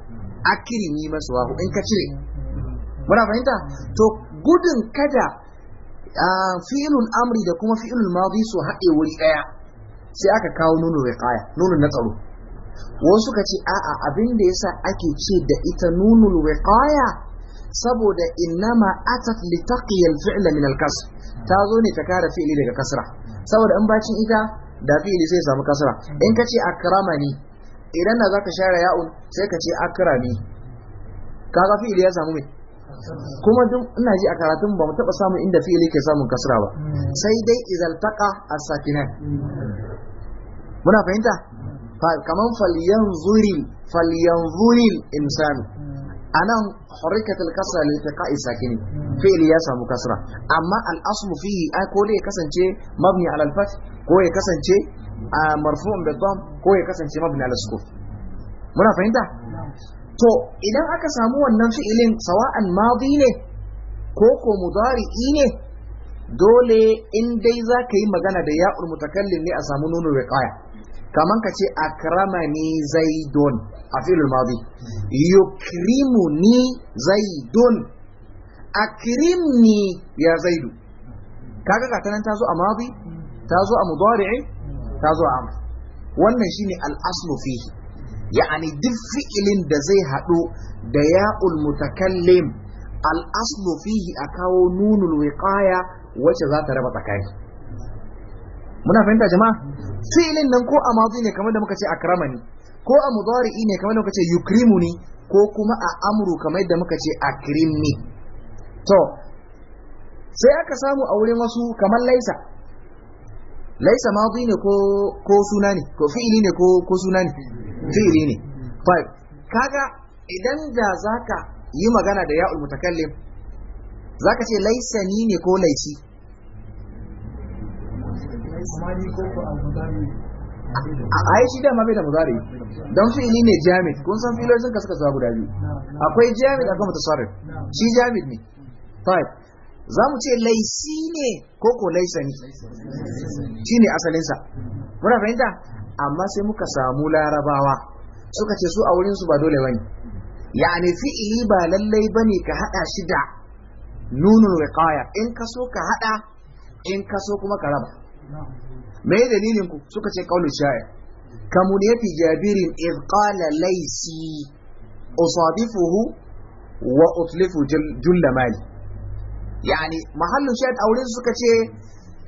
ba su wahu in ka cire muna fahimta to gudun kada fi'ilun amri da kuma fi'ilun madi su haɗe wuri ɗaya sai aka kawo nunu riqaya nunun na tsaro wasu ka ce a'a abin da yasa ake ce da ita nunul riqaya saboda innama atat litaqiya al-fi'l min al-kasr ta zo ne ta kare fi'li daga kasra saboda in bacin ita da fi'li sai samu kasra in ka kace akramani idan na zaka share ya'un sai ka ce akrami kaga fi'ili ya samu mai kuma duk ina ji a karatun ba mu taba samun inda fi'ili ke samun kasra ba sai dai izal as muna fahimta kaman falyanzuri falyanzuri al-insan anan harikatul kasra li taqa'i sakini fi'ili ya samu kasra amma al-aslu fihi ai ko dai kasance mabni ala al ko ya kasance a marfu'un bi ko ya kasance mabni ala sukun muna fahimta to idan aka samu wannan fi'ilin sawa'an madi ne ko ko mudari'i ne dole in dai za ka yi magana da ya'ul mutakallim ne a samu nunul riqaya kaman ka ce akramani zaidun a fi'il madi yukrimuni zaidun akrimni ya zaidu kaga ga ta zo a madi ta zo a mudari'i ta zo am wannan shine al-aslu fihi ya'ani duk fi'ilin da zai haɗu da ya'ul mutakallim al-aslu fihi a kawo nunul wiqaya wacce za ta raba tsakani muna fahimta jama'a fi'ilin nan ko a madi ne kamar da muka ce akramani ko a mudari'i ne kamar da muka ce yukrimuni ko kuma a amru kamar da muka ce akrimni to sai aka samu a wurin wasu kamar laisa laisa maɗi ne ko suna ne ko fi'ili ne ko suna ne fi'ili ne five kaga idan da za ka yi magana da ya'ul mutakallim ka ce laisa ni ne ko laici a yi shi dama bai da muzari don fi'ili ne jami'd kun san filolin ka suka zuwa guda biyu akwai jami'd akwai mutasarrif shi jami'd ne five za mu ce laisi ne ko ko laisa ne shi ne asalinsa muna fahimta amma sai muka samu larabawa suka ce su a wurinsu ba dole bane yani fi'ili ba lallai bane ka hada shi da nunun riqaya in ka so ka hada in ka so kuma ka raba me dalilin ku suka ce qaulu sha'ir kamu ne fi jabirin in qala laisi usabifuhu wa utlifu julla mali yani mahallin shahid aure suka ce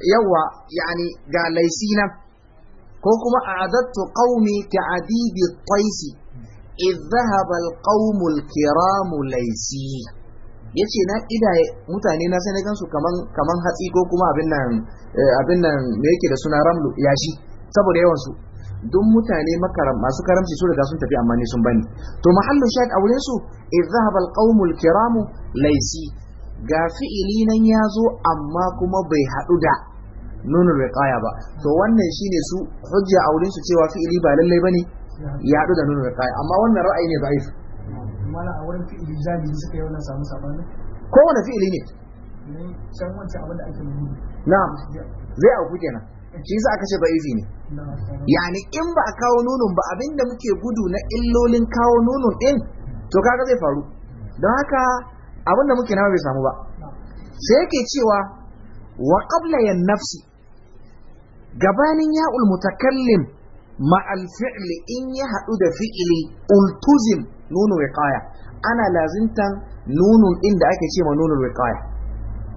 yawa yani ga laisi nan ko kuma a'adattu qaumi ka'adibi qaisi idh dhahaba alqawmu alkiramu laisi yace na idaye mutane na sai na gansu kaman kaman hatsi ko kuma abin nan eh, me yake da suna ramlu yashi saboda yawan su duk mutane masu karamci su riga sun tafi amma ne sun bani to mahallin shahid a wurin su idh dhahaba kiramu laisi ga fi'ili nan ya zo amma kuma bai haɗu da nunin riqaya ba to wannan shine su hujja a wurin su cewa fi'ili ba lalle bane ya haɗu da nunin riqaya amma wannan ra'ayi ne da'if mala a wurin fi'ili jami suka yi wannan samu sabani ko wanda fi'ili ne can wancan abin da ake nuni na'am zai auku kenan shi yasa aka ce da'ifi ne yani in ba a kawo nunun ba abinda muke gudu na illolin kawo nunun din to kaga zai faru don haka abin da muke nama bai samu ba sai yake cewa wa qabla nafsi gabanin ya'ul mutakallim ma al fi'li in ya haɗu da fi'ili ultuzim nunu wiqaya ana lazimtan nunun din da ake cewa nunul wiqaya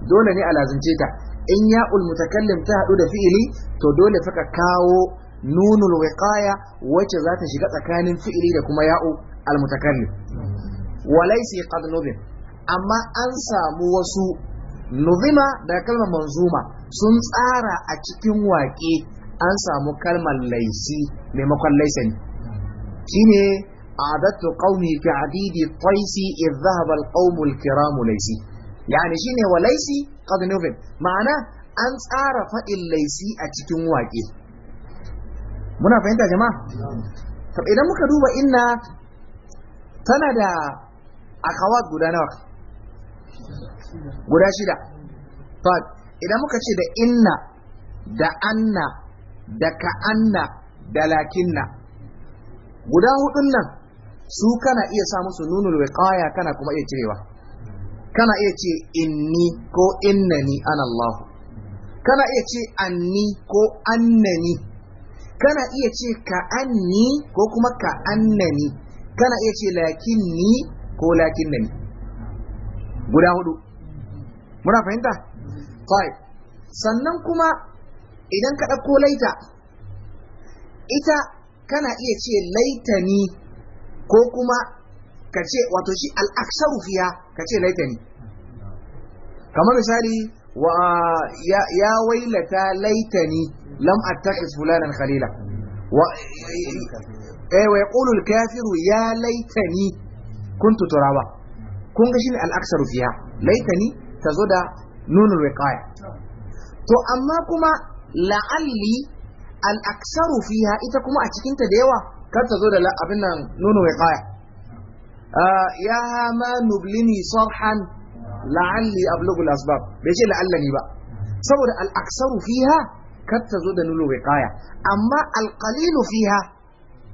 dole ne a lazimce ta in ya'ul mutakallim ta haɗu da fi'ili to dole fa kawo nunul wiqaya wacce za ta shiga tsakanin fi'ili da kuma ya'u al mutakallim walaysi qad nubin amma an samu wasu nuzima da kalmar manzuma sun tsara a cikin waƙe an samu kalmar laisi maimakon Shi ne shine adatu qaumi fi adidi taisi idh dhahaba alqawmu alkiramu laisi yani shine wa laisi qad nuzim ma'ana an tsara faɗin laisi a cikin waƙe muna fahimta jama'a to idan muka duba inna tana da akawat guda guda shida to idan muka ce da inna da anna da ka'anna da lakinna guda hudun nan su kana iya sa musu nunul wiqaya kana kuma iya cirewa kana iya ce inni ko innani an Allah kana iya ce anni ko annani kana iya ce ka anni ko kuma ka annani kana iya ce lakinni ko lakinnani guda hudu muna fahimta kai sannan kuma idan ka ɗauko laita ita kana iya ce laitani ko kuma ka ce wato shi al'aksaru fiya ka ce laitani kamar misali wa ya, ya wailata laitani lam attakis fulanan khalila wa eh kafiru ya laitani kuntu turaba kun ga shine al-aksaru fiha laitani tazo da nunul riqaya to amma kuma la'alli al fiha ita kuma a cikin ta da yawa kar tazo da abin nan nunul riqaya ah, ya ma nublini sarhan la'alli ablugu al-asbab bai ce la'allani ba saboda al'aksaru fiya fiha kar tazo da nunul riqaya amma al-qalilu fiha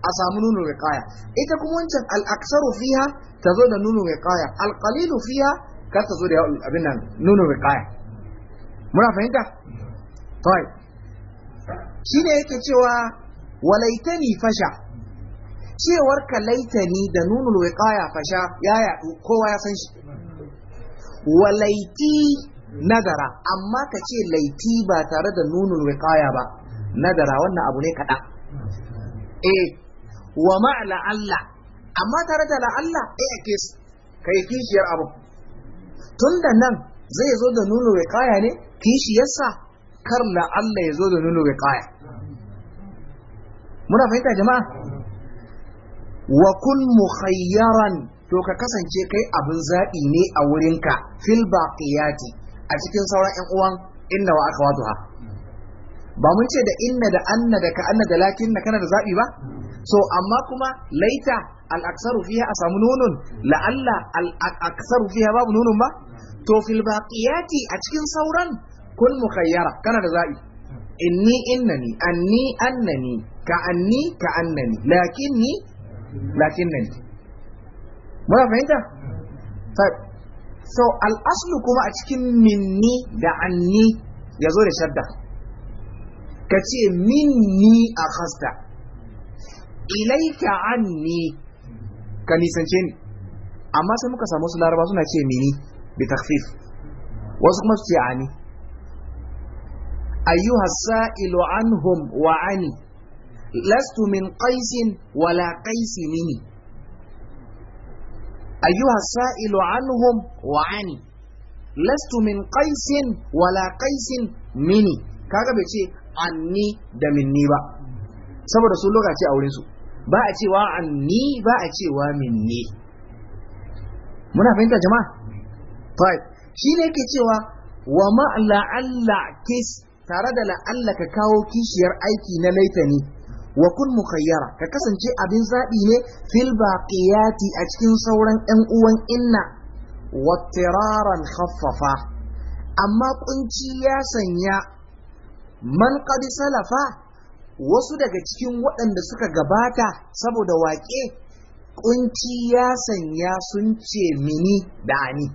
a samu nunu riqaya ita kuma wancan al aksaru fiha ta zo da nunu riqaya al qalilu fiha kar ta zo da abin nan nunu riqaya muna fahimta طيب shine yake cewa walaitani fasha cewar ka laitani da nunu wiqaya fasha ya yadu kowa ya san shi walaiti nadara amma ka ce laiti ba tare da nunul wiqaya ba nadara wannan abu ne kaɗan eh wa ma'a la'alla amma tare da la'alla ɗaya ke kai kishiyar abu tun da nan zai zo da nuna wikaya ne kishiyarsa kar la'alla ya zo da nuna wikaya muna fahimta jama'a wa kun hayyaran to ka kasance kai abin zaɓi ne a wurinka fil baqiyati a cikin sauran 'yan uwan inna wa aka waduha ba mun ce da inna da anna da ka anna da lakin na kana da zaɓi ba so amma kuma laita al-aksaru a samu nunun la'alla al-aksaru fiha babu nunun ba to fil baqiyati a cikin sauran kun mukhayyara kana da za'i inni innani anni annani ka anni ka annani lakinni lakinnani muna fahimta so al kuma a cikin minni da anni yazo da shadda ka ce minni a khasta ilaika anni ka nisance ni amma sai muka samu su laraba suna ce mini bi takhfif wasu kuma su ce ani ayyuha sa'ilu anhum wa ani lastu min qaisin wala qaisi mini ayyuha sa'ilu anhum wa ani lastu min qaisin wala qaisin mini kaga bai ce anni da minni ba saboda su lokaci ce a wurin ba a cewa anni ba a cewa minni muna fahimta jama'a shi ne ke cewa wa ma la'alla kis tare da la'alla ka kawo kishiyar aiki na laitani wa kun mukhayyara ka kasance abin zaɓi ne fil baqiyati a cikin sauran ɗan uwan inna wa tiraran khaffafa amma kunci ya sanya man qad salafa wasu daga cikin waɗanda suka gabata saboda waƙe ƙunci ya sanya sun ce mini da ani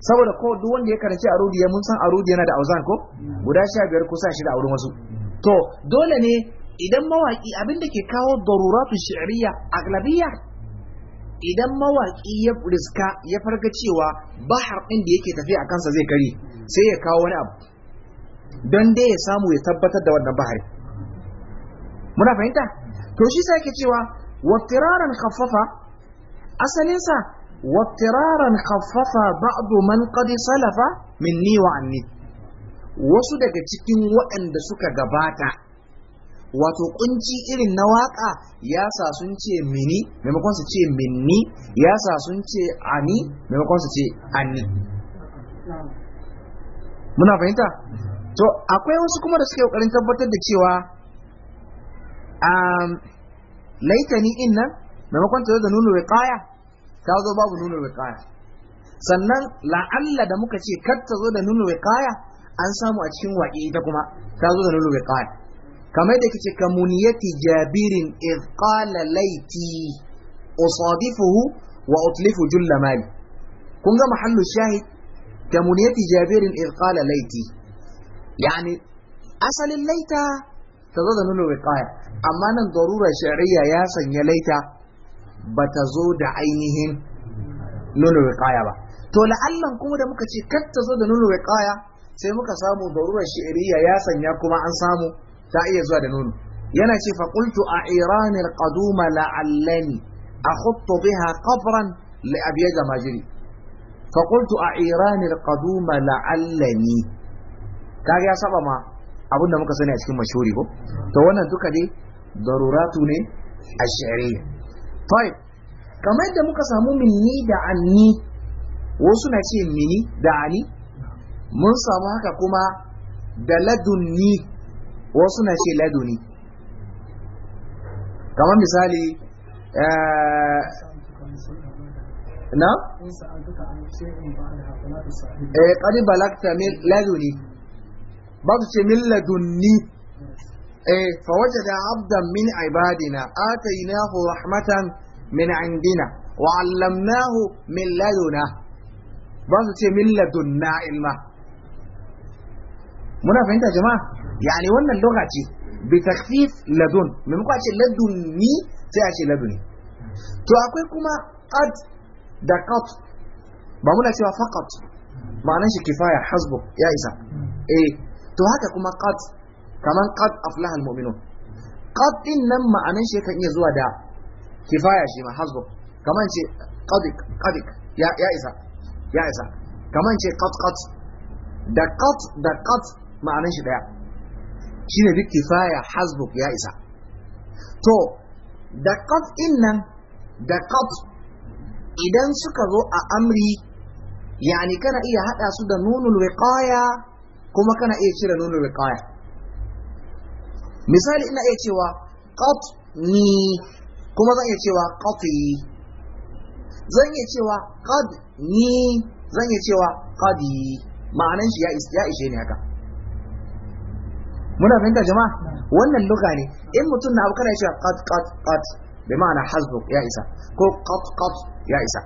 saboda ko duk wanda ya karanci arudi ya mun san arudi yana da auzan ko guda sha biyar ko sa shida a wurin wasu to dole ne idan mawaƙi abin ke kawo daruratu a aglabiya idan mawaƙi ya riska ya farga cewa bahar ɗin da yake tafiya a kansa zai kari sai ya kawo wani abu don dai ya samu ya tabbatar da wannan bahari muna fahimta to shi sa ke cewa waftiraran khaffafa asalinsa waftiraran khaffafa ba'du man qad salafa minni wa anni wasu daga cikin waɗanda suka gabata wato kunci irin na waka ya sa sun ce mini maimakon su ce minni ya sa sun ce ani maimakon su ce anni muna fahimta to akwai wasu kuma da suke ƙoƙarin tabbatar da cewa laitani in nan maimakon ta zo da nuna riqaya ta zo babu nuna riqaya sannan la'alla da muka ce kar ta zo da nuna riqaya an samu a cikin waƙe ita kuma ta zo da nuna riqaya kamar da kace kamuniyati jabirin iz qala laiti usadifuhu wa utlifu julla mali kun ga mahallu shahid kamuniyati jabirin iz qala laiti yani asalin laita ta zo da nuna wiqaya amma nan darura shari'a ya sanya laita ba ta zo da ainihin nuna wiqaya ba to la'allan kuma da muka ce kar ta zo da nuna wiqaya sai muka samu darurar shi'riya ya sanya kuma an samu ta iya zuwa da nunu. yana ce fa qultu a iran al a la'allani akhuttu biha qabran li abyad majri fa qultu a iran ƙaduma la'allani kaga ya saba ma abin da muka sani a cikin mashuri ko to wannan duka dai daruratu ne a shari'a طيب kamar yadda muka samu minni da anni wasu na ce mini da ani mun samu haka kuma da ladunni wasu na ce laduni kamar misali eh, na? eh ƙari balakta laduni ba su ce milladunni E fa da abdan min ibadina atainahu rahmatan min indina wa 'allamnahu min laduna ba su ce milladunna ilma muna fahimta jama'a yani wannan lugha ce bi takhfif ladun mun kwa ce ladunni sai a ce laduni to akwai kuma qad da qat ba muna cewa faqat ma'anar shi kifaya hasbu ya isa eh to haka kuma qad kaman qad aflaha almu'minun qad din nan ma'anan shi kan iya zuwa da kifaya shi ma hasbu kaman ce qadik qadik ya ya isa ya isa kaman ce qad qad da qad da qad ma'anan shi daya shine duk kifaya hasbu ya isa to da qad din nan da qad idan suka zo a amri yani kana iya hada su da nunul wiqaya kuma kana iya cire nunu riqaya misali ina iya cewa qat ni kuma zan iya cewa qati zan iya cewa qad ni zan iya cewa qadi ma'anan shi ya ishe ni haka muna fahimta jama'a wannan luga ne in mutum na abu kana cewa qat qat qat bi ma'ana hasbuk ya isa ko qat qat ya isa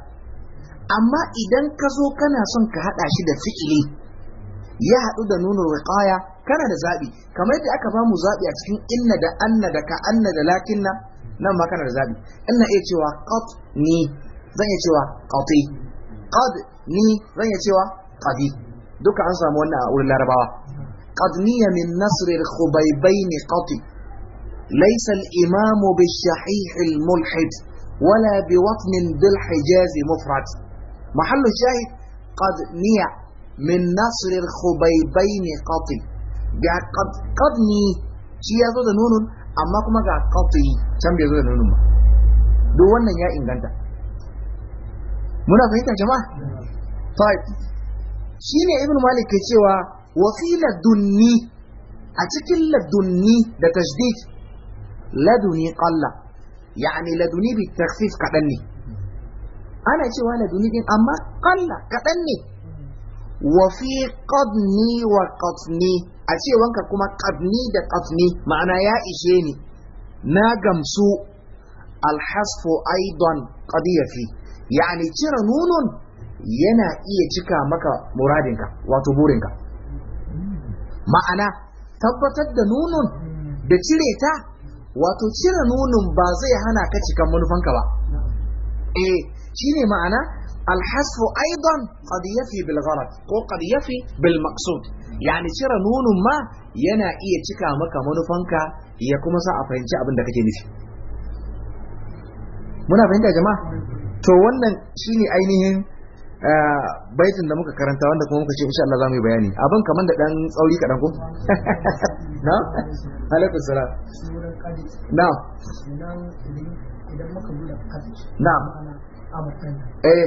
amma idan ka zo kana son ka hada shi da fi'ili ya haɗu da nunul wiqaya kana da zaɓi kamar yadda aka bamu zaɓi a cikin inna da anna da ka anna da lakinna nan ma kana da zaɓi ina iya cewa qat ni zan iya cewa qati qad ni zan iya cewa qadi duka an samu wannan a wurin larabawa qad niya min nasr al khubaybain qati laysa al imam bi shahih al mulhid wala bi watn bil hijaz mufrad mahallu shahid qad niya min nasirir khubaibai ne qati ga qadni shi ya zo da nunun amma kuma ga qati can bai zo da nunun ba duk wannan ya inganta muna fahimta jama'a طيب shine ibn malik ke cewa wa fi ladunni a cikin ladunni da tajdid laduni qalla yani laduni bi takhfif kadan ne ana cewa laduni din amma qalla kadan ne wa fi qadni wa qadni a cewanka kuma qadni da qadni ma'ana ya ishe ni na gamsu alhasfu aidan qad yafi yani cire nunun yana iya cika maka muradinka wato burinka ma'ana tabbatar da nunun da cire ta wato cire nunun ba zai hana ka cikan manufanka ba eh shine ma'ana الحذف أيضا قد يفي بالغرض ko قد يفي بالمقصود يعني ترى نون ما ينا iya cika مكا منفنكا ya kuma sa a fahimci abin da kake nufi muna fahimta jama'a to wannan shine ainihin baitin da muka karanta wanda kuma muka ce insha Allah zamu yi bayani abin kaman da dan tsauri kadan ko na alaikum salam na idan muka buɗe na'am eh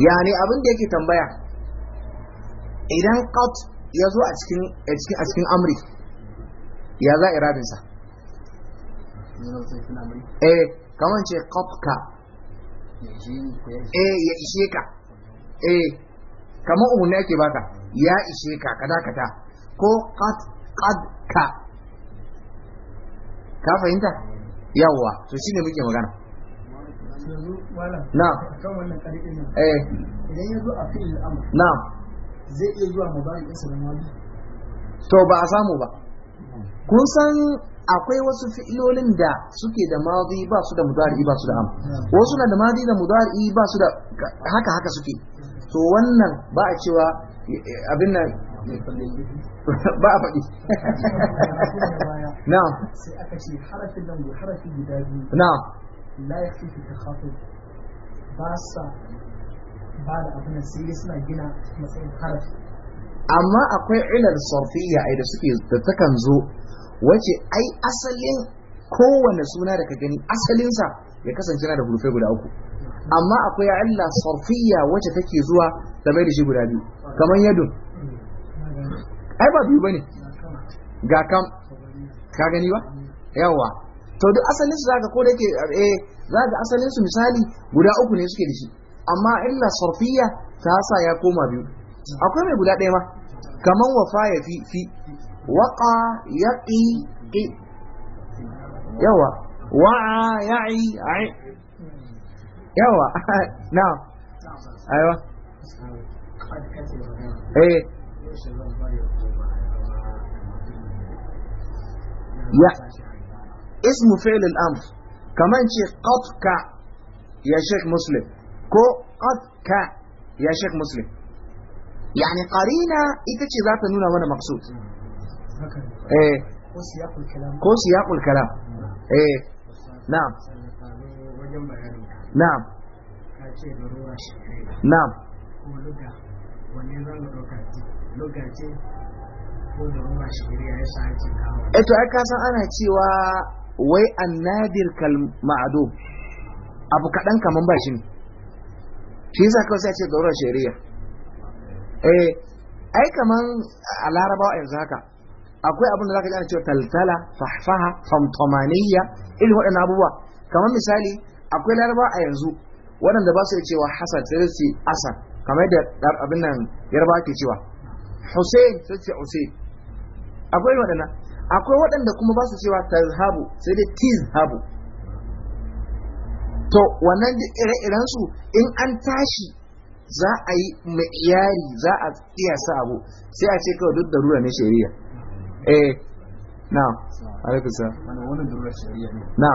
yani abin da yake tambaya idan qat ya zo a cikin a cikin amri ya za rabinsa? eh kamar ce qatka eh ya ishe ka eh kamar umarni ake baka ya ishe ka kada kada ko qat qad ka ka fahimta yawwa to shine muke magana na kan wannan karfi ne eh idan ya zo a fi'il amr na zai iya zuwa mudari da mali to ba a samu ba kun san akwai wasu fi'ilolin da suke da madi ba su da mudari ba su da am wasu na da madi da mudari ba su da haka haka suke to wannan ba a cewa eh, abin nan ba a faɗi na'am sai aka ce harafin nan harafin guda biyu na'am la ya ta hafi ba sa ba da sai suna gina matsayin harafi amma akwai ilar sarfiyya ai da suke da takan zo wace ai asalin kowane suna daga ka gani asalinsa ya kasance na da hurufai guda uku amma akwai illa sarfiyya wacce take zuwa da mai da shi guda biyu kamar yadu. ai ba biyu ba ne, ga kam ka gani ba yawa to duk asalin su zaka ko da yake eh zaka asalin su misali guda uku ne suke da shi amma illa sarfiyya ta sa ya koma biyu akwai mai guda ɗaya ma kaman wafa ya fi fi waqa yaqi yawa wa'a ya'i ai yawa na aiwa eh ya اسمه فعل الأمر كمان شيء ك يا شيخ مسلم كو ك يا شيخ مسلم يعني قرينة إتتش ذات نونة وانا مقصود إيه. ايه كو سياق الكلام كو سياق الكلام ايه نعم نعم نعم eto ai kasan ana cewa wai annadir kal ma'adu abu kaɗan kaman ba shi ne shi yasa kawai sai ce daura shari'a eh ai kaman a larabawa yanzu haka akwai abin da zaka ji ana cewa taltala fahfaha fantomaniya irin waɗannan abubuwa kamar misali akwai larabawa a yanzu waɗanda ba su cewa hasan sai su asan kamar yadda abin nan yarbawa ke cewa hussein sai su hussein akwai waɗannan akwai waɗanda kuma ba su cewa tazhabu sai dai tizhabu to wannan da ire-iren su in an tashi za a yi mai za a sa abu sai a ce kawai duk da rura na shari'a eh na mana wannan da rura shari'a ne na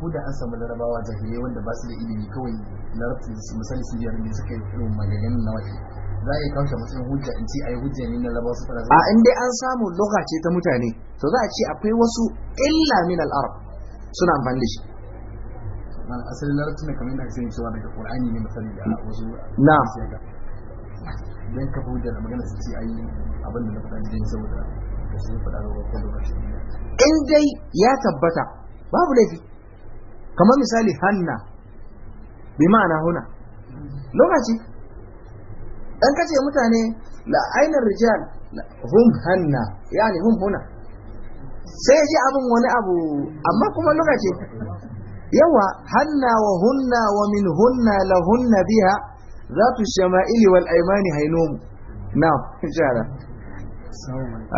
ko da an samu larabawa jahilai wanda ba su da ilimi kawai larabci misali su biyar ne suka yi irin maganin na wata. za a yi kauce matsayin hujja in ce a yi hujja ne na raba su fara a in dai an samu loka ce ta mutane to za a ce akwai wasu illa min al'arab suna amfani da shi asalin larabci ne kamar yadda aka cewa daga qur'ani ne misali da hmm. wasu na dan ka hujja da magana su ce a yi abin da na faɗa jin saboda ka su faɗa da wakon da shi in dai ya tabbata babu laifi kamar misali hanna bi ma'ana huna lokaci dan kace mutane la aina rijal hum hanna yani hum huna sai ji abin wani abu amma kuma lokaci yawa hanna wa hunna wa min hunna la hunna biha zatu shama'ili wal aymani hainum na'am jara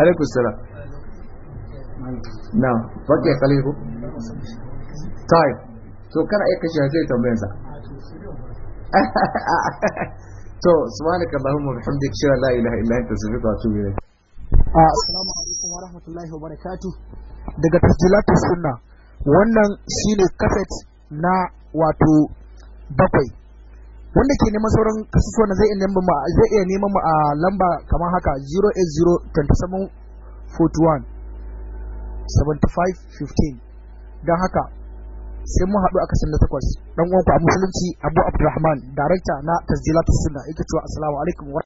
alaikum salam na'am fake kalihu tayyib to kana aika shi sai tambayansa ah, ah, ah, to subhanaka allahumma wa bihamdika shalla la ilaha illa anta subhanaka wa atubu ilayk ah, assalamu alaikum wa rahmatullahi wa barakatuh daga tasdilatus sunna wannan shine kafet na wato bakwai wanda ke neman sauran kasusuwan zai iya neman ma zai iya neman mu a lamba kamar haka 08027 0802741 7515 dan haka sai mun haɗu a sanda na takwas ɗan uwanku a musulunci Abu Abdulrahman darakta na Tasjilatus suna yake cewa assalamu alaikum